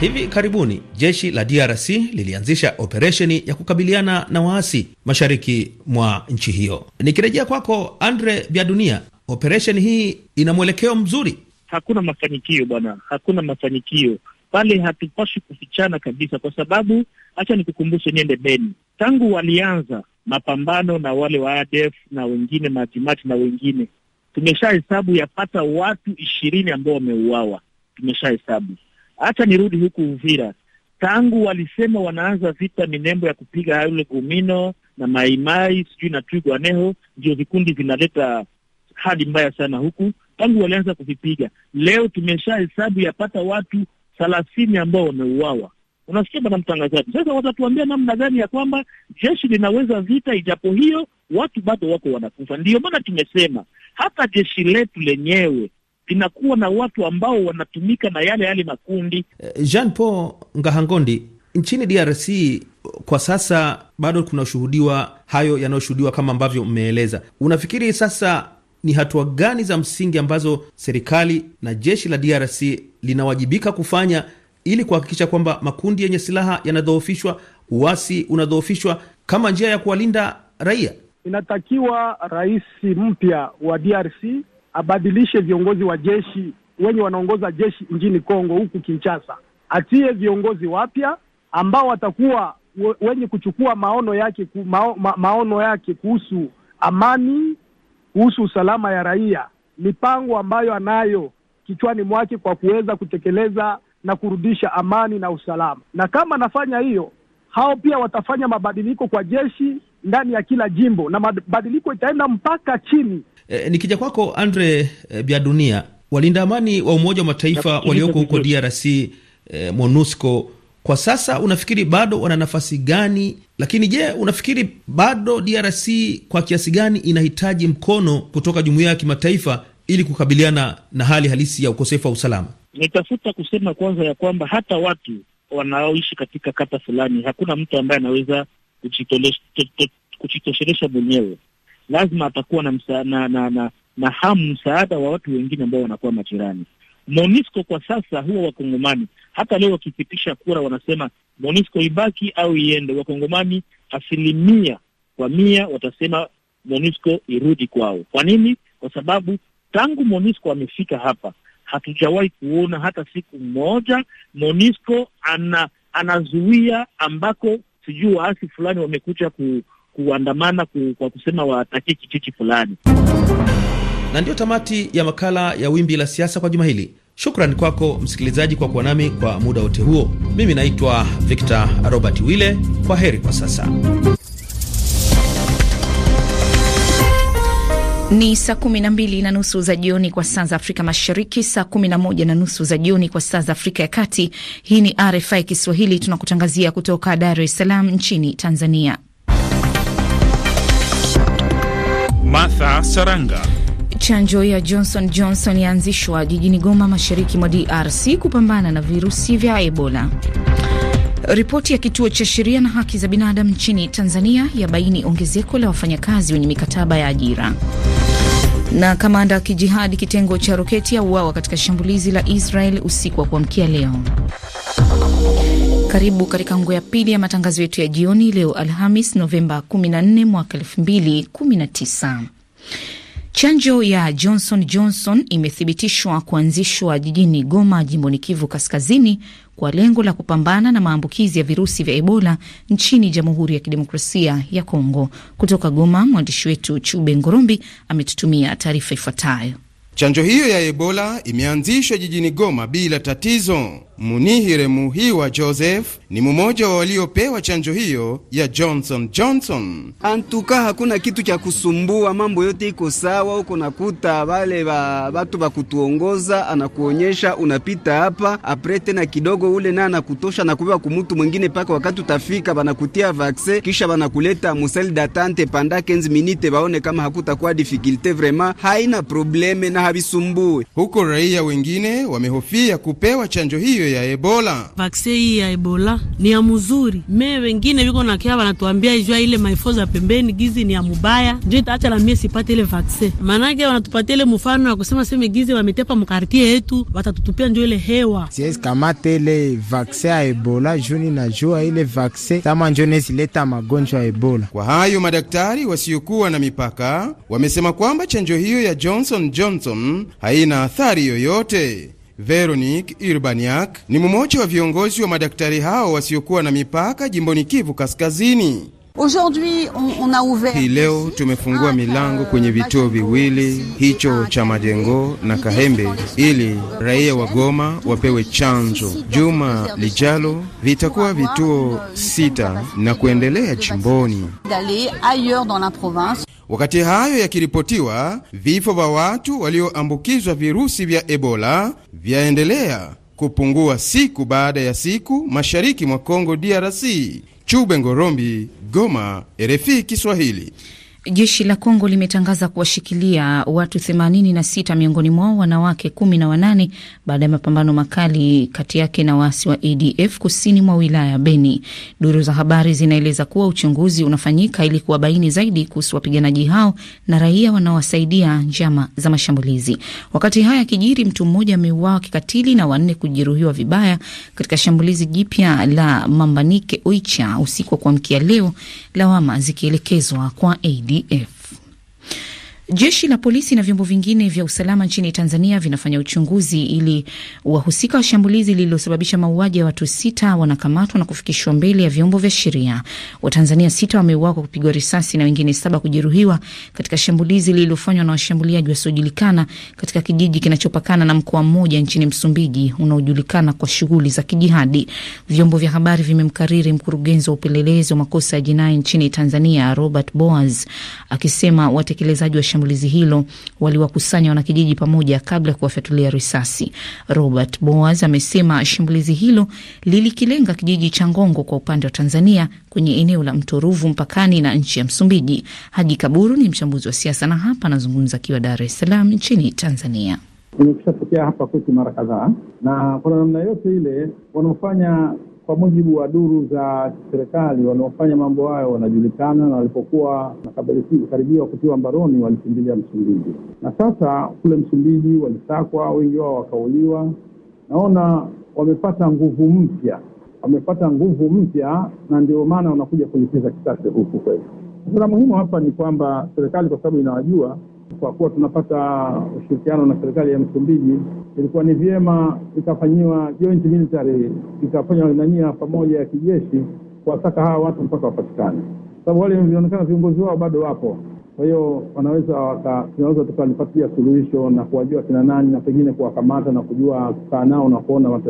Hivi karibuni jeshi la DRC lilianzisha operesheni ya kukabiliana na waasi mashariki mwa nchi hiyo. Nikirejea kwako Andre Byadunia, operesheni hii ina mwelekeo mzuri hakuna mafanikio bwana, hakuna mafanikio pale. Hatupashi kufichana kabisa, kwa sababu hacha nikukumbushe, niende Beni, tangu walianza mapambano na wale wa ADF na wengine matimati na wengine, tumesha hesabu yapata watu ishirini ambao wameuawa, tumesha hesabu. Hacha nirudi huku Uvira, tangu walisema wanaanza vita, minembo ya kupiga hayule gumino na maimai sijui na twigwaneho, ndio vikundi vinaleta hali mbaya sana huku tangu walianza kuvipiga. Leo tumesha hesabu yapata watu thelathini ambao wameuawa. Unasikia bwana mtangazaji, sasa watatuambia namna gani ya kwamba jeshi linaweza vita, ijapo hiyo watu bado wako wanakufa. Ndiyo maana tumesema hata jeshi letu lenyewe linakuwa na watu ambao wanatumika na yale yale makundi. Eh, Jean Paul Ngahangondi, nchini DRC kwa sasa bado kunashuhudiwa hayo yanayoshuhudiwa kama ambavyo mmeeleza. Unafikiri sasa ni hatua gani za msingi ambazo serikali na jeshi la DRC linawajibika kufanya ili kuhakikisha kwamba makundi yenye silaha yanadhoofishwa, uasi unadhoofishwa kama njia ya kuwalinda raia? Inatakiwa rais mpya wa DRC abadilishe viongozi wa jeshi wenye wanaongoza jeshi nchini Kongo huku Kinshasa, atie viongozi wapya ambao watakuwa wenye kuchukua maono yake, ku, mao, ma, maono yake kuhusu amani kuhusu usalama ya raia, mipango ambayo anayo kichwani mwake kwa kuweza kutekeleza na kurudisha amani na usalama. Na kama anafanya hiyo, hao pia watafanya mabadiliko kwa jeshi ndani ya kila jimbo na mabadiliko itaenda mpaka chini. E, nikija kwako Andre e, eh, Byadunia, walinda amani wa Umoja wa Mataifa walioko huko DRC e, MONUSCO kwa sasa unafikiri bado wana nafasi gani? Lakini je, unafikiri bado DRC kwa kiasi gani inahitaji mkono kutoka jumuiya ya kimataifa ili kukabiliana na hali halisi ya ukosefu wa usalama? Nitafuta kusema kwanza ya kwamba hata watu wanaoishi katika kata fulani, hakuna mtu ambaye anaweza kujitoshelesha mwenyewe. Lazima atakuwa na, msa, na, na, na, na hamu msaada wa watu wengine ambao wanakuwa majirani. MONUSCO kwa sasa huwa wakongomani hata leo wakipitisha kura wanasema monisco ibaki au iende. Wakongomani asilimia kwa mia watasema monisco irudi kwao. Kwa nini? Kwa sababu tangu monisco amefika hapa hatujawahi kuona hata siku moja monisco ana, anazuia ambako sijui waasi fulani wamekuja ku, kuandamana ku, kwa kusema watakie kijiji fulani. Na ndiyo tamati ya makala ya Wimbi la Siasa kwa juma hili. Shukrani kwako msikilizaji kwa kuwa nami kwa muda wote huo. Mimi naitwa Victor Robert Wille. Kwa heri kwa sasa. Ni saa kumi na mbili na nusu za jioni kwa saa za Afrika Mashariki, saa kumi na moja na nusu za jioni kwa saa za Afrika ya Kati. Hii ni RFI Kiswahili, tunakutangazia kutoka Dar es Salaam nchini Tanzania. Martha Saranga Chanjo ya Johnson Johnson yaanzishwa jijini Goma, mashariki mwa DRC kupambana na virusi vya Ebola. Ripoti ya kituo cha sheria na haki za binadamu nchini Tanzania yabaini ongezeko la wafanyakazi wenye mikataba ya ajira. Na kamanda wa kijihadi kitengo cha roketi auawa katika shambulizi la Israel usiku wa kuamkia leo. Karibu katika nguo ya pili ya matangazo yetu ya jioni leo, Alhamis Novemba 14 mwaka 2019. Chanjo ya Johnson Johnson imethibitishwa kuanzishwa jijini Goma, jimboni Kivu Kaskazini, kwa lengo la kupambana na maambukizi ya virusi vya Ebola nchini Jamhuri ya Kidemokrasia ya Kongo. Kutoka Goma, mwandishi wetu Chube Ngorombi ametutumia taarifa ifuatayo. Chanjo hiyo ya Ebola imeanzishwa jijini Goma bila tatizo. Munihire Muhiwa Joseph ni mmoja wa waliopewa chanjo hiyo ya Johnson Johnson. Antuka hakuna kitu cha kusumbua, mambo yote iko sawa. Uko nakuta wale ba, batu bakutuongoza anakuonyesha unapita hapa apre tena kidogo, ule na anakutosha nakupewa kumutu mwingine mpaka wakati utafika, banakutia vaksin kisha banakuleta musel datante panda 15 minute, baone kama hakutakuwa difikilte. Vrema haina probleme na habisumbue. Huko raia wengine wamehofia kupewa chanjo hiyo ya Ebola. Vaksin hii ya Ebola ni ya mzuri, me wengine viko na kia wanatuambia ijua ile maifoza pembeni gizi ni ya mubaya, njo itaacha na mie sipate ile vaksin. Maanake wanatupatia ile mfano ya kusema seme gizi wametepa mkartie yetu watatutupia njo ile hewa. Siwezi kamate ile vaksin ya Ebola juni najua ile vaksin kama njo nezileta magonjwa ya Ebola. Kwa hayo madaktari wasiokuwa na mipaka wamesema kwamba chanjo hiyo ya Johnson Johnson haina athari yoyote. Veronique Urbaniak ni mmoja wa viongozi wa madaktari hao wasiokuwa na mipaka jimboni Kivu Kaskazini. Hii leo tumefungua milango euh, kwenye vituo viwili hicho cha Majengo na Kahembe ili raia wa Goma wapewe chanjo. Juma lijalo vitakuwa vituo sita na kuendelea jimboni. Wakati hayo yakiripotiwa, vifo vya watu walioambukizwa virusi vya Ebola vyaendelea kupungua siku baada ya siku mashariki mwa congo DRC. Chube Ngorombi, Goma, RFI Kiswahili. Jeshi la Kongo limetangaza kuwashikilia watu 86 miongoni mwao wanawake kumi na wanane baada ya mapambano makali kati yake na waasi wa ADF kusini mwa wilaya ya Beni. Duru za habari zinaeleza kuwa uchunguzi unafanyika ili kuwabaini zaidi kuhusu wapiganaji hao na raia wanaowasaidia njama za mashambulizi. Wakati haya kijiri, mtu mmoja ameuawa kikatili na wanne kujeruhiwa vibaya katika shambulizi jipya la Mambanike Oicha usiku wa kuamkia leo, lawama zikielekezwa kwa ADF. EF. Jeshi la polisi na vyombo vingine vya usalama nchini Tanzania vinafanya uchunguzi ili wahusika wa shambulizi lililosababisha mauaji ya watu sita wanakamatwa na kufikishwa mbele ya vyombo vya sheria. Watanzania sita wameuawa kwa kupigwa risasi na wengine saba kujeruhiwa katika shambulizi lililofanywa na washambuliaji wasiojulikana katika kijiji kinachopakana na mkoa mmoja nchini Msumbiji unaojulikana kwa shughuli za kijihadi. Vyombo vya habari vimemkariri mkurugenzi wa upelelezi wa makosa ya jinai nchini Tanzania Robert Boas akisema watekelezaji wa shambulizi hilo waliwakusanya wanakijiji pamoja kabla ya kuwafyatulia risasi. Robert Boaz amesema shambulizi hilo lilikilenga kijiji cha Ngongo kwa upande wa Tanzania kwenye eneo la mto Ruvu mpakani na nchi ya Msumbiji. Haji Kaburu ni mchambuzi wa siasa na hapa anazungumza akiwa Dar es Salaam nchini Tanzania. Nimekwisha tokea hapa kwetu mara kadhaa, na kwa namna yote ile wanaofanya kwa mujibu wa duru za serikali, wanaofanya mambo hayo wanajulikana, na walipokuwa nakaribiwa kutiwa mbaroni walikimbilia Msumbiji, na sasa kule Msumbiji walisakwa, wengi wao wakauliwa. Naona wamepata nguvu mpya, wamepata nguvu mpya, na ndio maana wanakuja kulipiza kisasi huku kwetu. Sasa muhimu hapa ni kwamba serikali, kwa sababu inawajua kwa kuwa tunapata ushirikiano na serikali ya Msumbiji, ilikuwa ni vyema ikafanyiwa joint military, ikafanywa nania pamoja ya kijeshi kuwasaka hawa watu mpaka wapatikane, sababu wale vionekana viongozi wao bado wapo. Kwa hiyo wanaweza waka, tunaweza tukalipatia suluhisho na kuwajua kina nani na pengine kuwakamata na kujua kukaa nao na kuona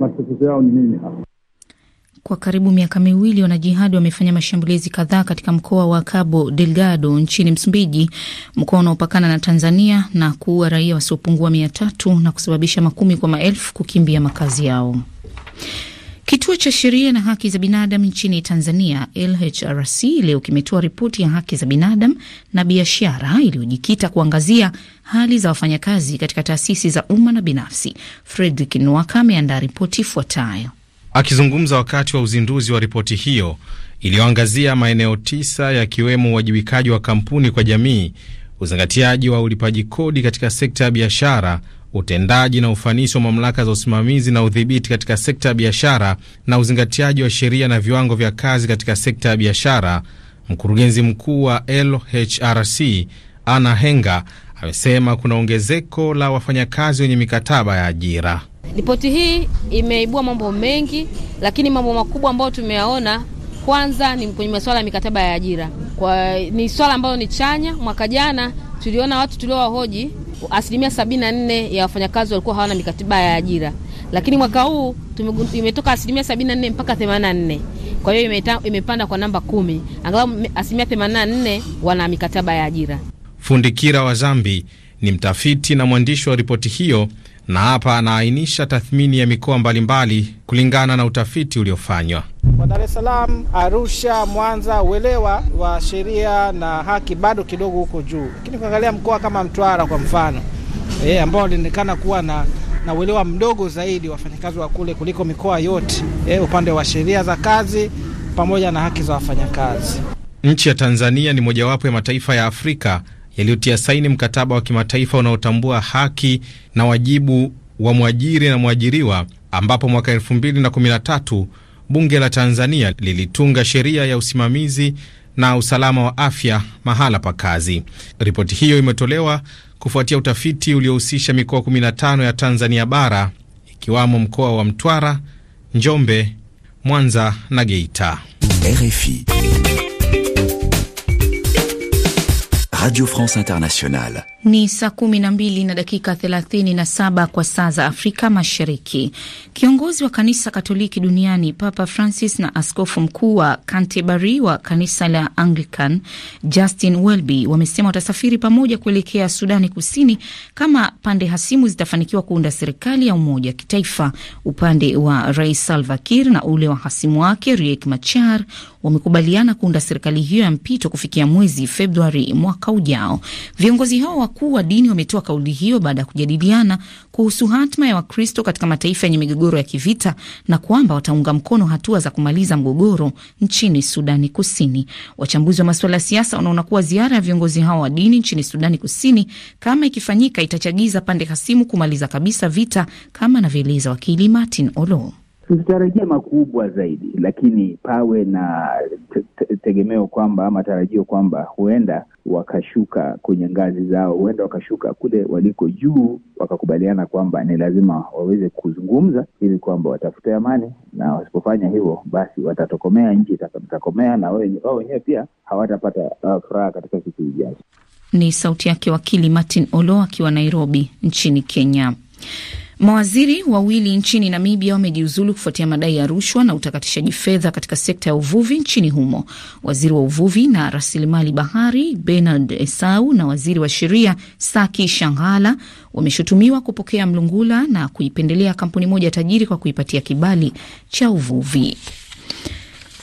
matatizo yao ni nini hapa kwa karibu miaka miwili wanajihadi wamefanya mashambulizi kadhaa katika mkoa wa Cabo Delgado nchini Msumbiji, mkoa unaopakana na Tanzania, na kuua raia wasiopungua mia tatu na kusababisha makumi kwa maelfu kukimbia makazi yao. Kituo cha sheria na haki za binadamu nchini Tanzania, LHRC, leo kimetoa ripoti ya haki za binadamu na biashara iliyojikita kuangazia hali za wafanyakazi katika taasisi za umma na binafsi. Fredrik Nwaka ameandaa ripoti ifuatayo. Akizungumza wakati wa uzinduzi wa ripoti hiyo iliyoangazia maeneo tisa yakiwemo uwajibikaji wa kampuni kwa jamii, uzingatiaji wa ulipaji kodi katika sekta ya biashara, utendaji na ufanisi wa mamlaka za usimamizi na udhibiti katika sekta ya biashara na uzingatiaji wa sheria na viwango vya kazi katika sekta ya biashara, mkurugenzi mkuu wa LHRC Anna Henga amesema kuna ongezeko la wafanyakazi wenye mikataba ya ajira. Ripoti hii imeibua mambo mengi, lakini mambo makubwa ambayo tumeyaona kwanza ni kwenye masuala ya mikataba ya ajira. Kwa, ni swala ambalo ni chanya. Mwaka jana tuliona watu tuliowahoji, asilimia sabini na nne ya wafanyakazi walikuwa hawana mikataba ya ajira, lakini mwaka huu imetoka asilimia sabini na nne mpaka themanini na nne kwa hiyo imepanda kwa namba kumi, angalau asilimia themanini na nne wana mikataba ya ajira. Fundikira wa Zambi ni mtafiti na mwandishi wa ripoti hiyo, na hapa anaainisha tathmini ya mikoa mbalimbali kulingana na utafiti uliofanywa kwa Dar es Salaam, Arusha, Mwanza. Uelewa wa sheria na haki bado kidogo huko juu, lakini kuangalia mkoa kama Mtwara kwa mfano e, ambao alionekana kuwa na na uelewa mdogo zaidi wafanyakazi wa kule kuliko mikoa yote e, upande wa sheria za kazi pamoja na haki za wafanyakazi. Nchi ya Tanzania ni mojawapo ya mataifa ya Afrika yaliyotia saini mkataba wa kimataifa unaotambua haki na wajibu wa mwajiri na mwajiriwa, ambapo mwaka 2013 bunge la Tanzania lilitunga sheria ya usimamizi na usalama wa afya mahala pa kazi. Ripoti hiyo imetolewa kufuatia utafiti uliohusisha mikoa 15 ya Tanzania bara ikiwamo mkoa wa Mtwara, Njombe, Mwanza na Geita. RFI. Radio France Internationale. Ni saa kumi na mbili na dakika thelathini na saba kwa saa za Afrika Mashariki. Kiongozi wa kanisa Katoliki duniani Papa Francis na askofu mkuu wa Canterbury wa kanisa la Anglican Justin Welby wamesema watasafiri pamoja kuelekea Sudani Kusini kama pande hasimu zitafanikiwa kuunda serikali ya umoja kitaifa, upande wa Rais Salva Kiir na ule wa hasimu wake Riek Machar wamekubaliana kuunda serikali hiyo ya mpito kufikia mwezi Februari mwaka ujao. Viongozi hao wakuu wa dini wametoa kauli hiyo baada ya kujadiliana kuhusu hatma ya Wakristo katika mataifa yenye migogoro ya kivita na kwamba wataunga mkono hatua za kumaliza mgogoro nchini Sudani Kusini. Wachambuzi wa masuala ya siasa wanaona kuwa ziara ya viongozi hao wa dini nchini Sudani Kusini, kama ikifanyika, itachagiza pande hasimu kumaliza kabisa vita, kama anavyoeleza wakili Martin Olo tusitarajie makubwa zaidi, lakini pawe na tegemeo kwamba ama tarajio kwamba huenda wakashuka kwenye ngazi zao, huenda wakashuka kule waliko juu, wakakubaliana kwamba ni lazima waweze kuzungumza ili kwamba watafute amani, na wasipofanya hivyo, basi watatokomea, nchi itatokomea, na wao wenyewe pia hawatapata uh, furaha katika siku ijazo. Ni sauti yake wakili Martin Olo akiwa Nairobi nchini Kenya. Mawaziri wawili nchini Namibia wamejiuzulu kufuatia madai ya rushwa na utakatishaji fedha katika sekta ya uvuvi nchini humo. Waziri wa uvuvi na rasilimali bahari Bernard Esau na waziri wa sheria Saki Shangala wameshutumiwa kupokea mlungula na kuipendelea kampuni moja tajiri kwa kuipatia kibali cha uvuvi.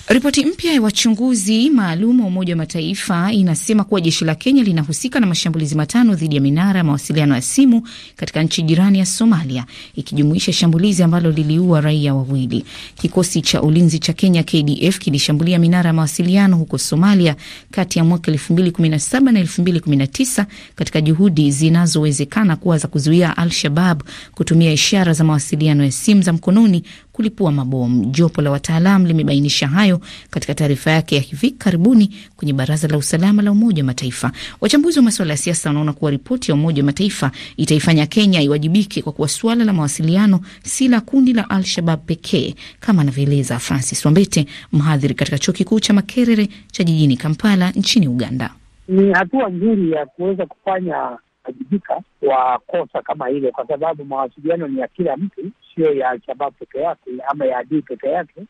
Ripoti mpya ya wachunguzi maalum wa Umoja wa Mataifa inasema kuwa jeshi la Kenya linahusika na mashambulizi matano dhidi ya minara ya mawasiliano ya simu katika nchi jirani ya Somalia, ikijumuisha shambulizi ambalo liliua raia wawili. Kikosi cha ulinzi cha Kenya, KDF, kilishambulia minara ya mawasiliano huko Somalia kati ya mwaka 2017 na 2019 katika juhudi zinazowezekana kuwa za kuzuia Al-Shabab kutumia ishara za mawasiliano ya simu za mkononi kulipua mabomu. Jopo la wataalam limebainisha hayo katika taarifa yake ya hivi karibuni kwenye Baraza la Usalama la Umoja wa Mataifa. Wachambuzi wa masuala ya siasa wanaona kuwa ripoti ya Umoja wa Mataifa itaifanya Kenya iwajibike kwa kuwa suala la mawasiliano si la kundi la Al-Shabab pekee, kama anavyoeleza Francis Wambete, mhadhiri katika chuo kikuu cha Makerere cha jijini Kampala nchini Uganda. Ni hatua nzuri ya kuweza kufanya kuwajibika kwa kosa kama hilo, kwa sababu mawasiliano ni ya kila mtu, sio ya Alshabab peke yake ama ya adui peke yake.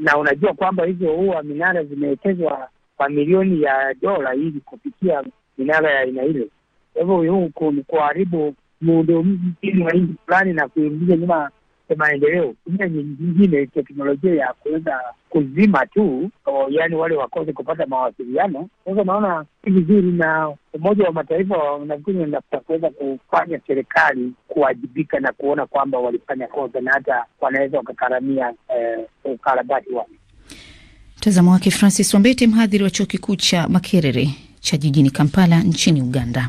Na unajua kwamba hizo huwa minara zimewekezwa mamilioni ya dola ili kufikia minara ya aina ile. Kwa hivyo huu ni kuharibu miundombinu wa nchi fulani na kuingiza nyuma maendeleo, tumia nyingine teknolojia ya kuweza kuzima tu, yani wale wakose kupata mawasiliano. Sasa unaona si vizuri, na Umoja wa Mataifa nafikiri unatafuta kuweza kufanya serikali kuwajibika na kuona kwamba walifanya kosa na hata wanaweza wakakaramia eh, ukarabati wake. Mtazamo wake Francis Wambete, mhadhiri wa chuo kikuu cha Makerere cha jijini Kampala nchini Uganda.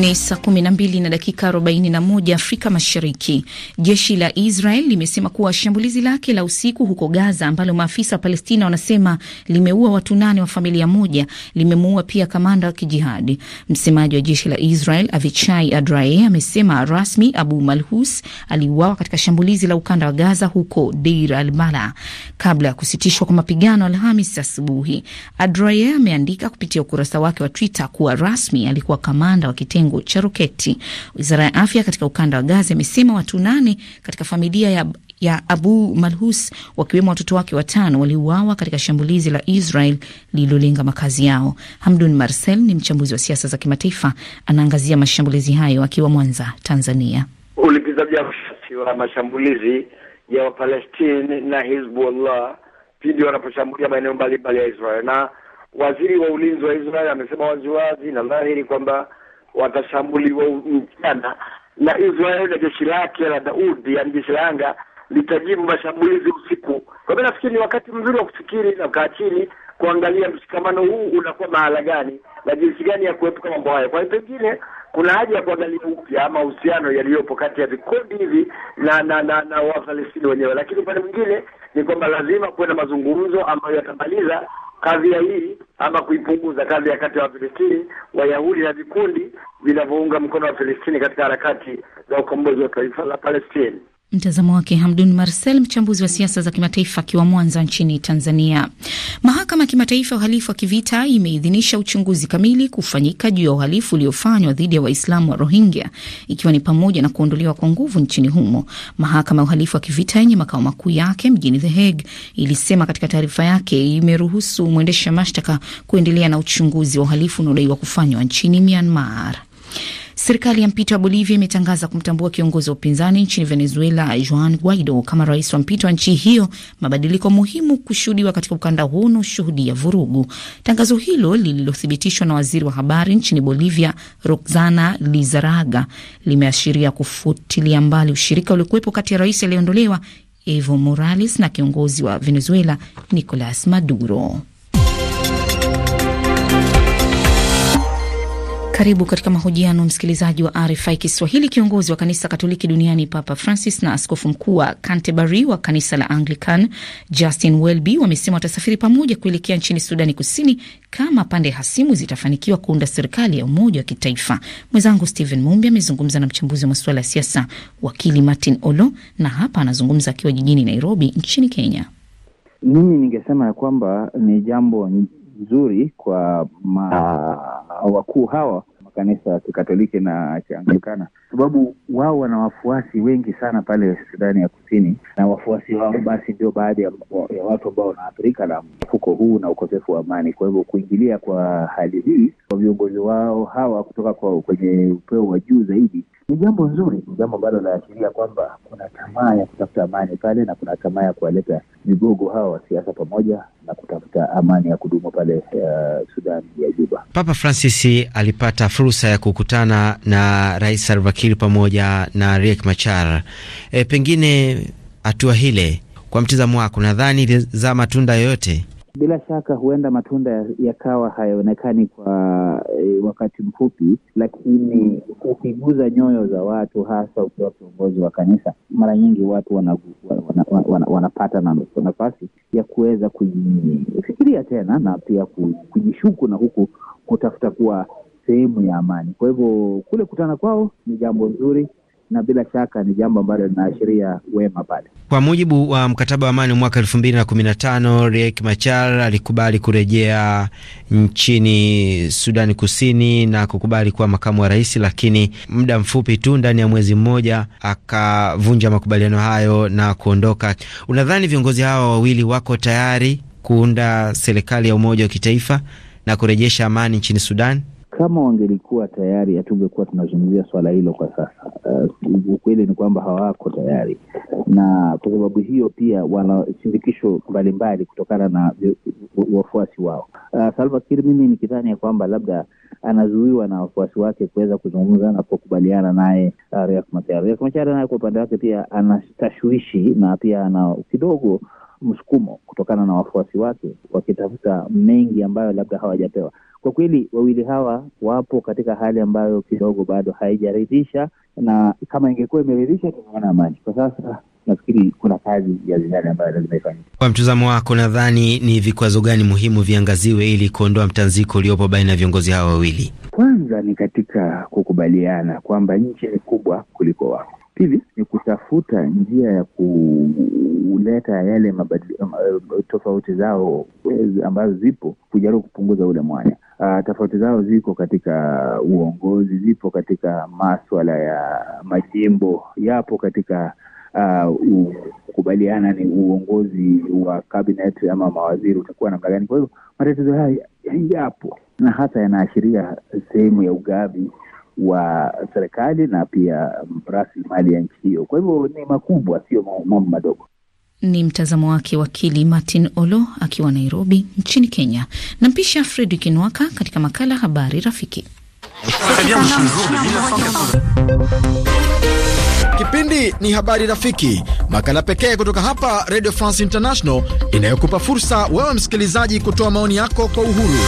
Ni saa 12 na dakika 41 Afrika Mashariki. Jeshi la Israel limesema kuwa shambulizi lake la usiku huko Gaza, ambalo maafisa wa Palestina wanasema limeua watu nane wa familia moja, limemuua pia kamanda wa kijihadi. Msemaji wa jeshi la Israel Avichai Adrae amesema rasmi Abu Malhus aliuawa katika shambulizi la ukanda wa Gaza huko Deir al Bala kabla ya kusitishwa kwa mapigano Alhamis asubuhi. Adrae ameandika kupitia ukurasa wake wa Twitter kuwa rasmi alikuwa kamanda wa kitengo kiungo cha roketi. Wizara ya afya katika ukanda wa Gaza imesema watu nane katika familia ya ya Abu Malhus wakiwemo watoto wake watano waliuawa katika shambulizi la Israel lililolenga makazi yao. Hamdun Marcel ni mchambuzi wa siasa za kimataifa, anaangazia mashambulizi hayo akiwa Mwanza, Tanzania. Ulipizaji risasi wa mashambulizi ya Wapalestini na Hizbullah pindi wanaposhambulia maeneo mbalimbali ya Israel, na waziri wa ulinzi wa Israel amesema waziwazi na dhahiri kwamba watashambuliwa mchana na Israeli na jeshi lake la Daudi, yaani jeshi la anga litajibu mashambulizi usiku. Kwa hivyo nafikiri ni wakati mzuri wa kufikiri na kukaa chini kuangalia mshikamano huu unakuwa mahala gani na jinsi gani ya kuepuka mambo hayo. Kwa hiyo pengine kuna haja ya kuangalia upya mahusiano yaliyopo kati ya vikundi hivi na na na, na Wafalestini wenyewe, lakini upande mwingine ni kwamba lazima kuwe na mazungumzo ambayo yatamaliza kadhia hii ama kuipunguza ya kati ya Wafilistini, Wayahudi na vikundi vinavyounga mkono wa Filistini katika harakati za ukombozi wa taifa la Palestini. Mtazamo wake Hamdun Marsel, mchambuzi wa siasa za kimataifa akiwa Mwanza nchini Tanzania. Mahakama ya Kimataifa ya Uhalifu wa Kivita imeidhinisha uchunguzi kamili kufanyika juu ya uhalifu uliofanywa dhidi ya Waislamu wa Rohingya, ikiwa ni pamoja na kuondolewa kwa nguvu nchini humo. Mahakama ya Uhalifu wa Kivita yenye makao makuu yake mjini The Hague ilisema katika taarifa yake imeruhusu mwendesha mashtaka kuendelea na uchunguzi wa uhalifu unaodaiwa kufanywa nchini Myanmar. Serikali ya mpito ya Bolivia imetangaza kumtambua kiongozi wa upinzani nchini Venezuela, Juan Guaido, kama rais wa mpito wa nchi hiyo, mabadiliko muhimu kushuhudiwa katika ukanda huo unaoshuhudia vurugu. Tangazo hilo lililothibitishwa na waziri wa habari nchini Bolivia, Roxana Lizaraga, limeashiria kufutilia mbali ushirika uliokuwepo kati ya rais aliyeondolewa Evo Morales na kiongozi wa Venezuela, Nicolas Maduro. Karibu katika mahojiano msikilizaji wa RFI Kiswahili. Kiongozi wa kanisa Katoliki duniani Papa Francis na askofu mkuu wa Canterbury wa kanisa la Anglican Justin Welby wamesema watasafiri pamoja kuelekea nchini Sudani Kusini kama pande hasimu zitafanikiwa kuunda serikali ya umoja wa kitaifa. Mwenzangu Stephen Mumbi amezungumza na mchambuzi wa masuala ya siasa wakili Martin Olo, na hapa anazungumza akiwa jijini Nairobi nchini Kenya. Mimi ningesema ya kwamba ni jambo nzuri kwa ma, ah. wakuu hawa kanisa ya Kikatoliki na Kianglikana, sababu wao wana wafuasi wengi sana pale Sudani ya Kusini, na wafuasi wao basi ndio baadhi ya, ya watu ambao wanaathirika na mfuko huu na ukosefu wa amani. Kwa hivyo kuingilia kwa hali hii kwa viongozi wao hawa kutoka kwa kwenye upeo wa juu zaidi ni jambo nzuri, ni jambo ambalo linaashiria kwamba kuna tamaa ya kutafuta amani pale na kuna tamaa ya kuwaleta vigogo hawa wa siasa pamoja na kutafuta amani ya kudumu pale uh, eh, Sudani ya Juba. Papa Francis alipata fru fursa ya kukutana na Rais Salva Kiir pamoja na Riek Machar. E, pengine hatua hile kwa mtizamo wako nadhani ilizaa matunda yoyote? Bila shaka huenda matunda yakawa hayaonekani kwa e, wakati mfupi, lakini ukiguza nyoyo za watu, hasa ukiwa kiongozi wa kanisa, mara nyingi watu wanapata wana, wana, wana, wana nafasi ya kuweza kujifikiria tena na pia kujishuku na huku kutafuta kuwa sehemu ya amani. Kwa hivyo kule kutana kwao ni jambo nzuri na bila shaka ni jambo ambalo linaashiria wema pale. Kwa mujibu wa mkataba wa amani mwaka elfu mbili na kumi na tano, Riek Machar alikubali kurejea nchini Sudani Kusini na kukubali kuwa makamu wa rais, lakini muda mfupi tu ndani ya mwezi mmoja akavunja makubaliano hayo na kuondoka. Unadhani viongozi hawa wawili wako tayari kuunda serikali ya umoja wa kitaifa na kurejesha amani nchini Sudani? Kama wangelikuwa tayari, hatungekuwa tunazungumzia swala hilo kwa sasa. Uh, ukweli ni kwamba hawako tayari, na kwa sababu hiyo pia wana shirikisho mbalimbali kutokana na wafuasi wao. Uh, salvakir Kiir, mimi nikidhani ya kwamba labda anazuiwa na wafuasi wake kuweza kuzungumza na kukubaliana naye uh, Riek Machar. Machar naye kwa upande wake pia ana tashwishi na pia ana kidogo msukumo kutokana na wafuasi wake wakitafuta mengi ambayo labda hawajapewa. Kwa kweli wawili hawa wapo katika hali ambayo kidogo bado haijaridhisha, na kama ingekuwa imeridhisha tunaona amani. Kwa sasa nafikiri kuna kazi ya ziada ambayo lazima ifanyike. Kwa mtazamo wako, nadhani ni vikwazo gani muhimu viangaziwe ili kuondoa mtanziko uliopo baina ya viongozi hawa wawili? Kwanza ni katika kukubaliana kwamba nchi ni kubwa kuliko wao. Pili ni kutafuta njia ya kuleta yale mabadiliko tofauti zao ambazo zipo, kujaribu kupunguza ule mwanya. Uh, tofauti zao ziko katika uongozi, zipo katika maswala ya majimbo, yapo katika kukubaliana uh, ni uongozi wa cabinet ama mawaziri utakuwa namna gani. Kwa hiyo matatizo haya yapo na hasa yanaashiria sehemu ya ugavi wa serikali na pia rasilimali ya nchi hiyo. Kwa hivyo ni makubwa, sio mambo madogo. Ni mtazamo wake wakili Martin Olo akiwa Nairobi nchini Kenya. Nampisha Fredrik Nwaka katika makala Habari Rafiki. Kipindi ni Habari Rafiki, makala pekee kutoka hapa Radio France International inayokupa fursa wewe msikilizaji kutoa maoni yako kwa uhuru.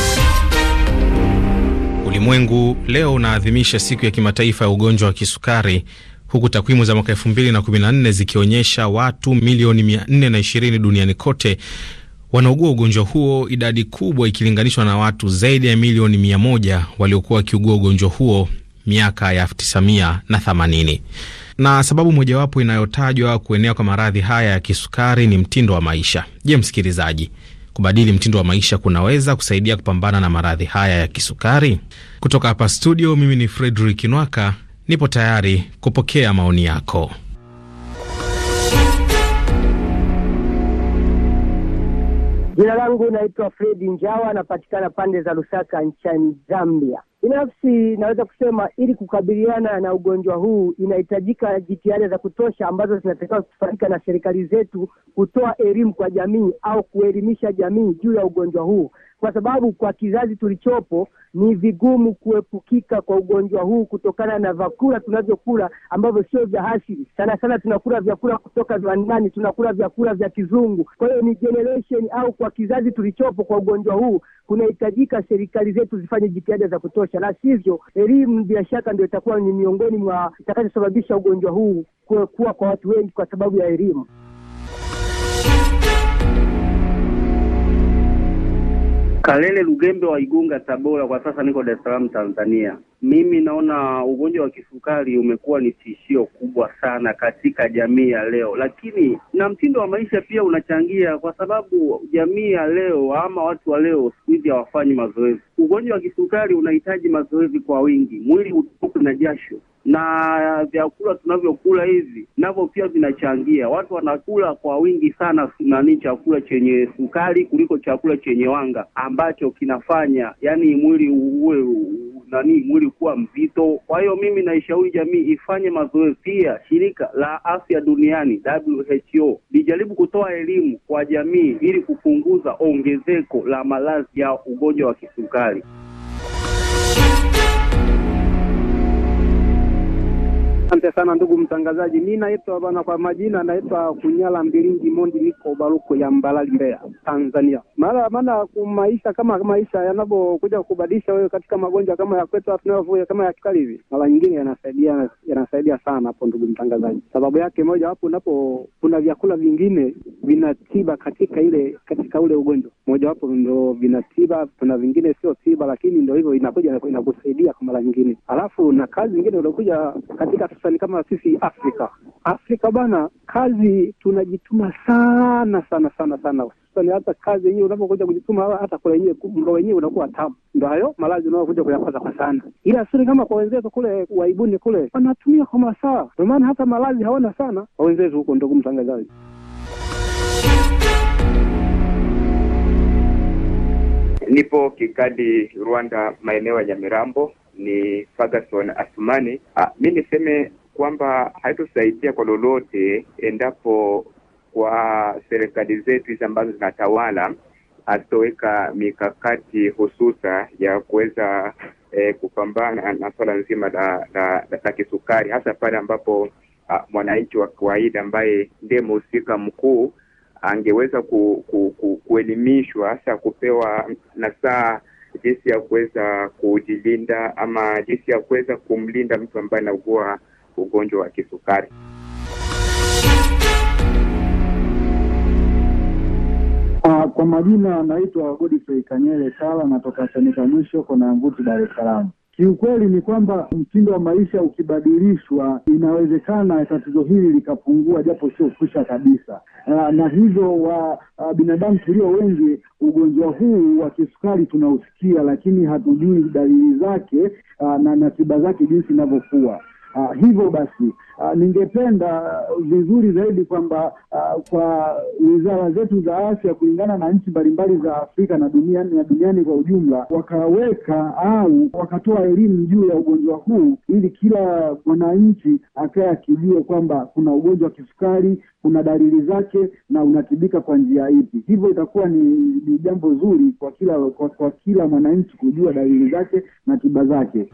Ulimwengu leo unaadhimisha siku ya kimataifa ya ugonjwa wa kisukari huku takwimu za mwaka 2014 zikionyesha watu milioni 420 duniani kote wanaugua ugonjwa huo, idadi kubwa ikilinganishwa na watu zaidi ya milioni 100 waliokuwa wakiugua ugonjwa huo miaka ya 1980. Na sababu mojawapo inayotajwa kuenea kwa maradhi haya ya kisukari ni mtindo wa maisha. Je, msikilizaji, kubadili mtindo wa maisha kunaweza kusaidia kupambana na maradhi haya ya kisukari? Kutoka hapa studio, mimi ni Fredrik Nwaka, nipo tayari kupokea maoni yako. Jina langu naitwa Fredi Njawa, napatikana pande za Lusaka nchini Zambia. Binafsi naweza kusema ili kukabiliana na ugonjwa huu inahitajika jitihada za kutosha ambazo zinatakiwa kufanyika na serikali zetu kutoa elimu kwa jamii au kuelimisha jamii juu ya ugonjwa huu, kwa sababu kwa kizazi tulichopo ni vigumu kuepukika kwa ugonjwa huu kutokana na vyakula tunavyokula ambavyo sio vya asili. Sana sana tunakula vyakula kutoka viwandani, tunakula vyakula vya kizungu. Kwa hiyo ni generation au kwa kizazi tulichopo kwa ugonjwa huu, kunahitajika serikali zetu zifanye jitihada za kutosha, la sivyo elimu bila shaka ndio itakuwa ni miongoni mwa itakachosababisha ugonjwa huu kuwa kwa watu wengi kwa sababu ya elimu. Kalele Lugembe wa Igunga, Tabora. Kwa sasa niko Dar es Salaam, Tanzania. Mimi naona ugonjwa wa kisukari umekuwa ni tishio kubwa sana katika jamii ya leo, lakini na mtindo wa maisha pia unachangia, kwa sababu jamii ya leo ama watu wa leo siku hizi hawafanyi mazoezi. Ugonjwa wa kisukari unahitaji mazoezi kwa wingi, mwili utokwe na jasho na vyakula tunavyokula hivi navyo pia vinachangia. Watu wanakula kwa wingi sana nani, chakula chenye sukari kuliko chakula chenye wanga, ambacho kinafanya yani mwili uwe nani, mwili kuwa mzito. Kwa hiyo mimi naishauri jamii ifanye mazoezi. Pia shirika la afya duniani WHO lijaribu kutoa elimu kwa jamii ili kupunguza ongezeko la maradhi ya ugonjwa wa kisukari. Asante sana ndugu mtangazaji, mi naitwa bana, kwa majina naitwa Kunyala Mbilingi Mondi, niko Baruku ya Mbalali, Mbeya, Tanzania. Mara maana kumaisha kama maisha yanavyokuja kubadilisha wewe katika magonjwa kama ya kwetu tunayovuja kama ya kikali hivi, mara nyingine yanasaidia yanasaidia sana hapo, ndugu mtangazaji. Sababu yake moja wapo, unapo kuna vyakula vingine vinatiba katika ile katika ule ugonjwa, moja wapo ndio vinatiba, kuna vingine sio tiba, lakini ndio hivyo inakuja inakusaidia kwa mara nyingine, alafu na kazi nyingine uliokuja katika sasa kama sisi Afrika. Afrika bana, kazi tunajituma sana sana sana sana hususani hata kazi yenyewe unapokuja kujituma, hata kula yenyewe mlo wenyewe unakuwa tamu, ndo hayo malazi unaokuja kuyapata kwa sana. Ila siri kama kwa wenzetu kule waibuni kule wanatumia kwa masaa, ndio maana hata malazi hawana sana kwa wenzetu huko. Ndugu mtangazaji Nipo Kikadi, Rwanda, maeneo ya Nyamirambo ni Ferguson Asumani. Ah, mi niseme kwamba haitusaidia kwa lolote endapo kwa serikali zetu hizi ambazo zinatawala hazitoweka mikakati hususa ya kuweza eh, kupambana na swala nzima la la, la, la kisukari hasa pale ambapo ah, mwananchi wa kawaida ambaye ndiye mhusika mkuu angeweza ku, ku, ku, kuelimishwa hasa kupewa nasaha jinsi ya kuweza kujilinda ama jinsi ya kuweza kumlinda mtu ambaye anaugua ugonjwa wa kisukari. Uh, kwa majina anaitwa Godfrey Kanyele Sala, natoka Chanika Mwisho, Kona nguti Dar es Salaam. Kiukweli ni kwamba mtindo wa maisha ukibadilishwa, inawezekana tatizo hili likapungua, japo sio kwisha kabisa. Na, hivyo wa uh, binadamu tulio wengi ugonjwa huu wa kisukari tunausikia, lakini hatujui dalili zake uh, na, na tiba zake jinsi inavyokuwa. Uh, hivyo basi uh, ningependa vizuri zaidi kwamba uh, kwa wizara zetu za afya kulingana na nchi mbalimbali za Afrika na duniani na duniani kwa ujumla, wakaweka au wakatoa elimu juu ya ugonjwa huu, ili kila mwananchi akae akijua kwamba kuna ugonjwa wa kisukari, kuna dalili zake na unatibika kwa njia ipi. Hivyo itakuwa ni, ni jambo zuri kwa kila kwa, kwa kila mwananchi kujua dalili zake na tiba zake.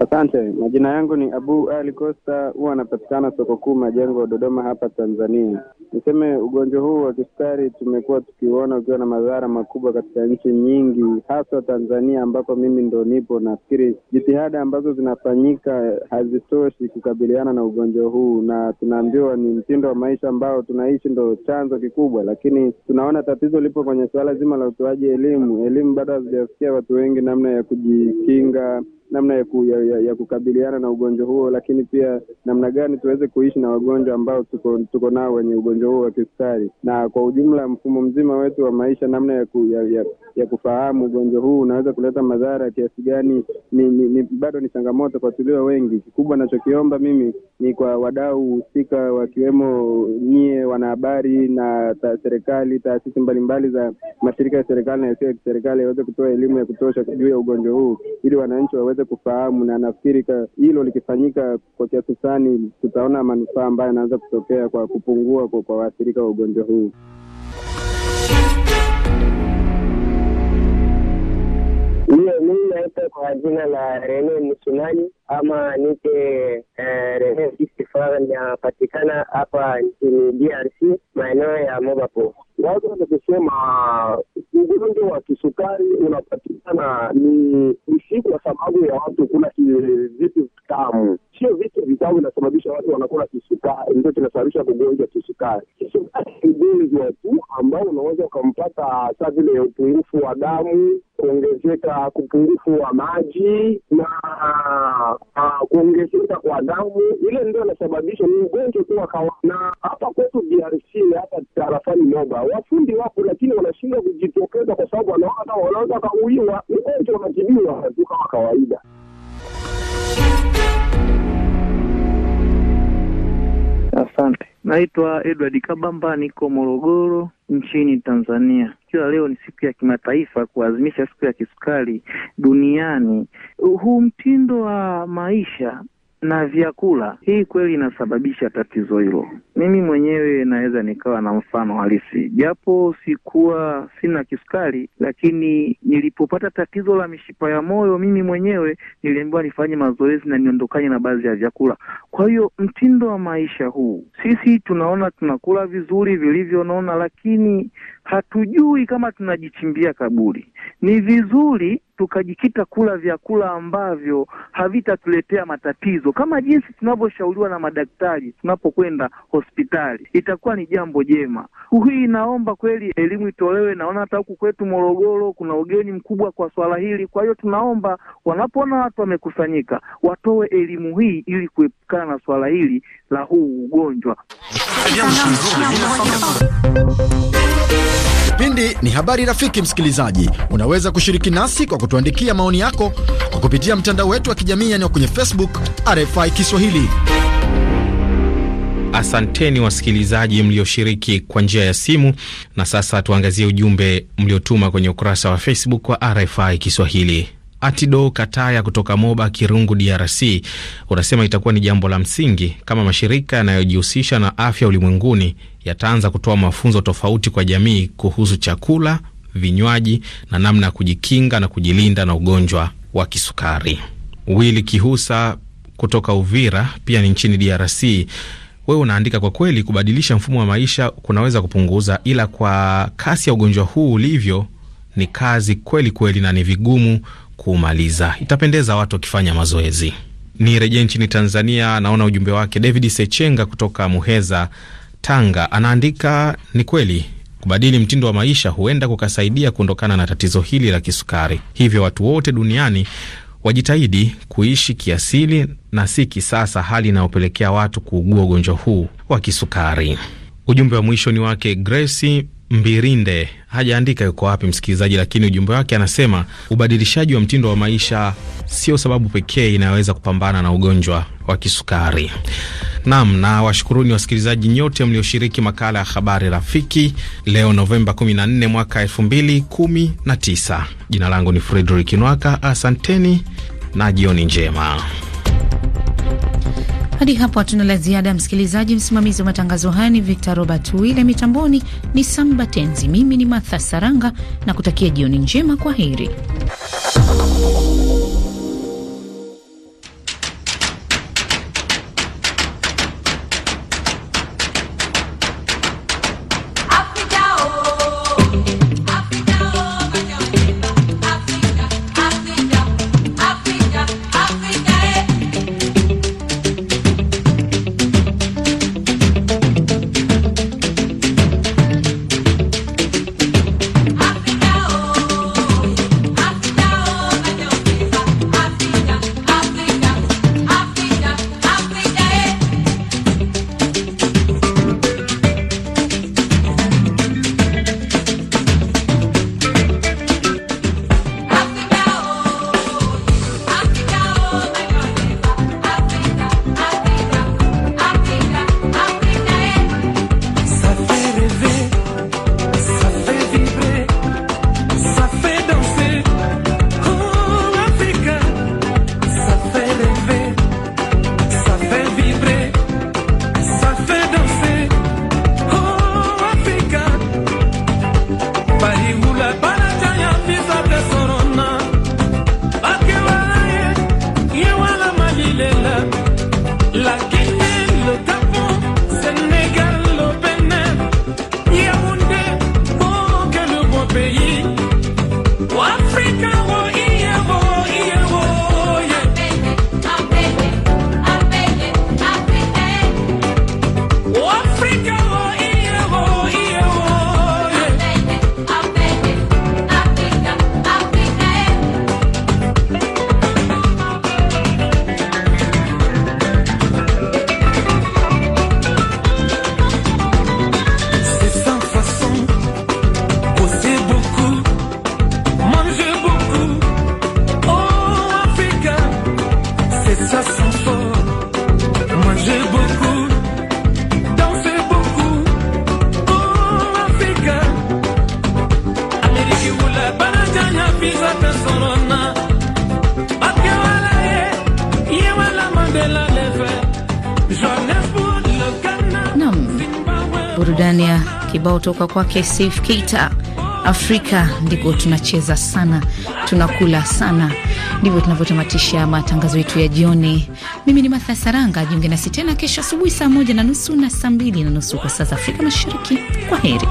Asante, majina yangu ni Abu Ali Costa, huwa anapatikana soko kuu Majengo, Dodoma hapa Tanzania. Niseme ugonjwa huu wa kisukari tumekuwa tukiuona ukiwa na madhara makubwa katika nchi nyingi, haswa Tanzania ambako mimi ndo nipo. Nafikiri jitihada ambazo zinafanyika hazitoshi kukabiliana na ugonjwa huu, na tunaambiwa ni mtindo wa maisha ambao tunaishi ndo chanzo kikubwa, lakini tunaona tatizo lipo kwenye suala zima la utoaji elimu. Elimu bado hazijafikia watu wengi namna ya kujikinga namna ya, ku, ya, ya, ya kukabiliana na ugonjwa huo, lakini pia namna gani tuweze kuishi na wagonjwa ambao tuko, tuko nao wenye ugonjwa huo wa kisukari, na kwa ujumla mfumo mzima wetu wa maisha, namna ya, ku, ya, ya, ya kufahamu ugonjwa huu unaweza kuleta madhara ya kiasi gani, ni, ni, ni bado ni changamoto kwa tulio wengi. Kikubwa nachokiomba mimi ni kwa wadau husika, wakiwemo nyie wanahabari na ta, serikali, taasisi mbalimbali za mashirika ya serikali na yasiyo ya kiserikali yaweze kutoa elimu ya kutosha juu ya ugonjwa huu ili wananchi waweze waweze kufahamu, na nafikiri hilo likifanyika kwa kiasi fulani, tutaona manufaa ambayo yanaweza kutokea kwa kupungua kwa waathirika wa ugonjwa huu naita kwa jina la Rene Msumani ama nite eh, Rene Istifara. Inapatikana hapa nchini DRC maeneo ya Mobapo. Wazo ni kusema ugonjwa wa kisukari unapatikana ni isi kwa sababu ya watu kula vitu vitamu, sio vitu vitamu inasababisha watu wanakula kisukari, ndio kinasababisha kugonjwa kisukari. Kisukari ni ugonjwa tu ambao unaweza ukampata saa vile upungufu wa damu, kuongezeka kupungua upungufu wa maji na uh, kuongezeka kwa damu, ile ndio inasababisha ni ugonjwa kuwa kawa. Na hapa kwetu DRC, hapa tarafani Moba, wafundi wapo, lakini wanashindwa kujitokeza kwa sababu wanaona wanaweza wakauiwa. ugonjwa unatibiwa tu kama kawaida. Asante, naitwa Edward Kabamba, niko Morogoro nchini Tanzania. Ikiwa leo ni siku ya kimataifa kuadhimisha siku ya kisukari duniani, huu mtindo wa maisha na vyakula. Hii kweli inasababisha tatizo hilo. Mimi mwenyewe naweza nikawa na mfano halisi, japo sikuwa sina kisukari, lakini nilipopata tatizo la mishipa ya moyo, mimi mwenyewe niliambiwa nifanye mazoezi na niondokane na baadhi ya vyakula. Kwa hiyo mtindo wa maisha huu, sisi tunaona tunakula vizuri vilivyonona, lakini hatujui kama tunajichimbia kaburi. Ni vizuri tukajikita kula vyakula ambavyo havitatuletea matatizo, kama jinsi tunavyoshauriwa na madaktari tunapokwenda hospitali, itakuwa ni jambo jema. Hii inaomba kweli elimu itolewe. Naona hata huku kwetu Morogoro kuna ugeni mkubwa kwa swala hili. Kwa hiyo tunaomba wanapoona watu wamekusanyika, watoe elimu hii ili kuepukana na swala hili la huu ugonjwa. Kipindi ni habari rafiki. Msikilizaji, unaweza kushiriki nasi kwa kutuandikia maoni yako kwa kupitia mtandao wetu wa kijamii, yaani kwenye Facebook RFI Kiswahili. Asanteni wasikilizaji mlioshiriki kwa njia ya simu. Na sasa tuangazie ujumbe mliotuma kwenye ukurasa wa Facebook wa RFI Kiswahili. Atido Kataya kutoka Moba Kirungu, DRC, unasema itakuwa ni jambo la msingi kama mashirika yanayojihusisha na afya ulimwenguni yataanza kutoa mafunzo tofauti kwa jamii kuhusu chakula, vinywaji na namna ya kujikinga na kujilinda na ugonjwa wa kisukari. Wili Kihusa kutoka Uvira, pia ni nchini DRC, wewe unaandika kwa kweli, kubadilisha mfumo wa maisha kunaweza kupunguza, ila kwa kasi ya ugonjwa huu ulivyo ni kazi kweli kweli, na ni vigumu kumaliza. Itapendeza watu wakifanya mazoezi. Ni rejee nchini Tanzania, naona ujumbe wake David Sechenga kutoka Muheza, Tanga, anaandika ni kweli kubadili mtindo wa maisha huenda kukasaidia kuondokana na tatizo hili la kisukari. Hivyo watu wote duniani wajitahidi kuishi kiasili na si kisasa, hali inayopelekea watu kuugua ugonjwa huu wa kisukari. Ujumbe wa mwisho ni wake Grace Mbirinde hajaandika yuko wapi msikilizaji, lakini ujumbe wake anasema ubadilishaji wa mtindo wa maisha sio sababu pekee inayoweza kupambana na ugonjwa wa kisukari. Nam na washukuruni wasikilizaji nyote mlioshiriki makala ya habari rafiki leo Novemba 14 mwaka 2019. Jina langu ni Fredrik Nwaka, asanteni na jioni njema. Hadi hapo hatuna la ziada, msikilizaji. Msimamizi wa matangazo haya ni Victor Robert Wile, mitamboni ni Samba Tenzi, mimi ni Martha Saranga na kutakia jioni njema. Kwa heri. kutoka kwake Saif Keita. Afrika ndiko tunacheza sana, tunakula sana. Ndivyo tunavyotamatisha matangazo yetu ya jioni. Mimi ni Martha Saranga. Jiunge nasi tena kesho asubuhi saa moja na nusu na saa mbili na nusu kwa saa za Afrika Mashariki. Kwa heri.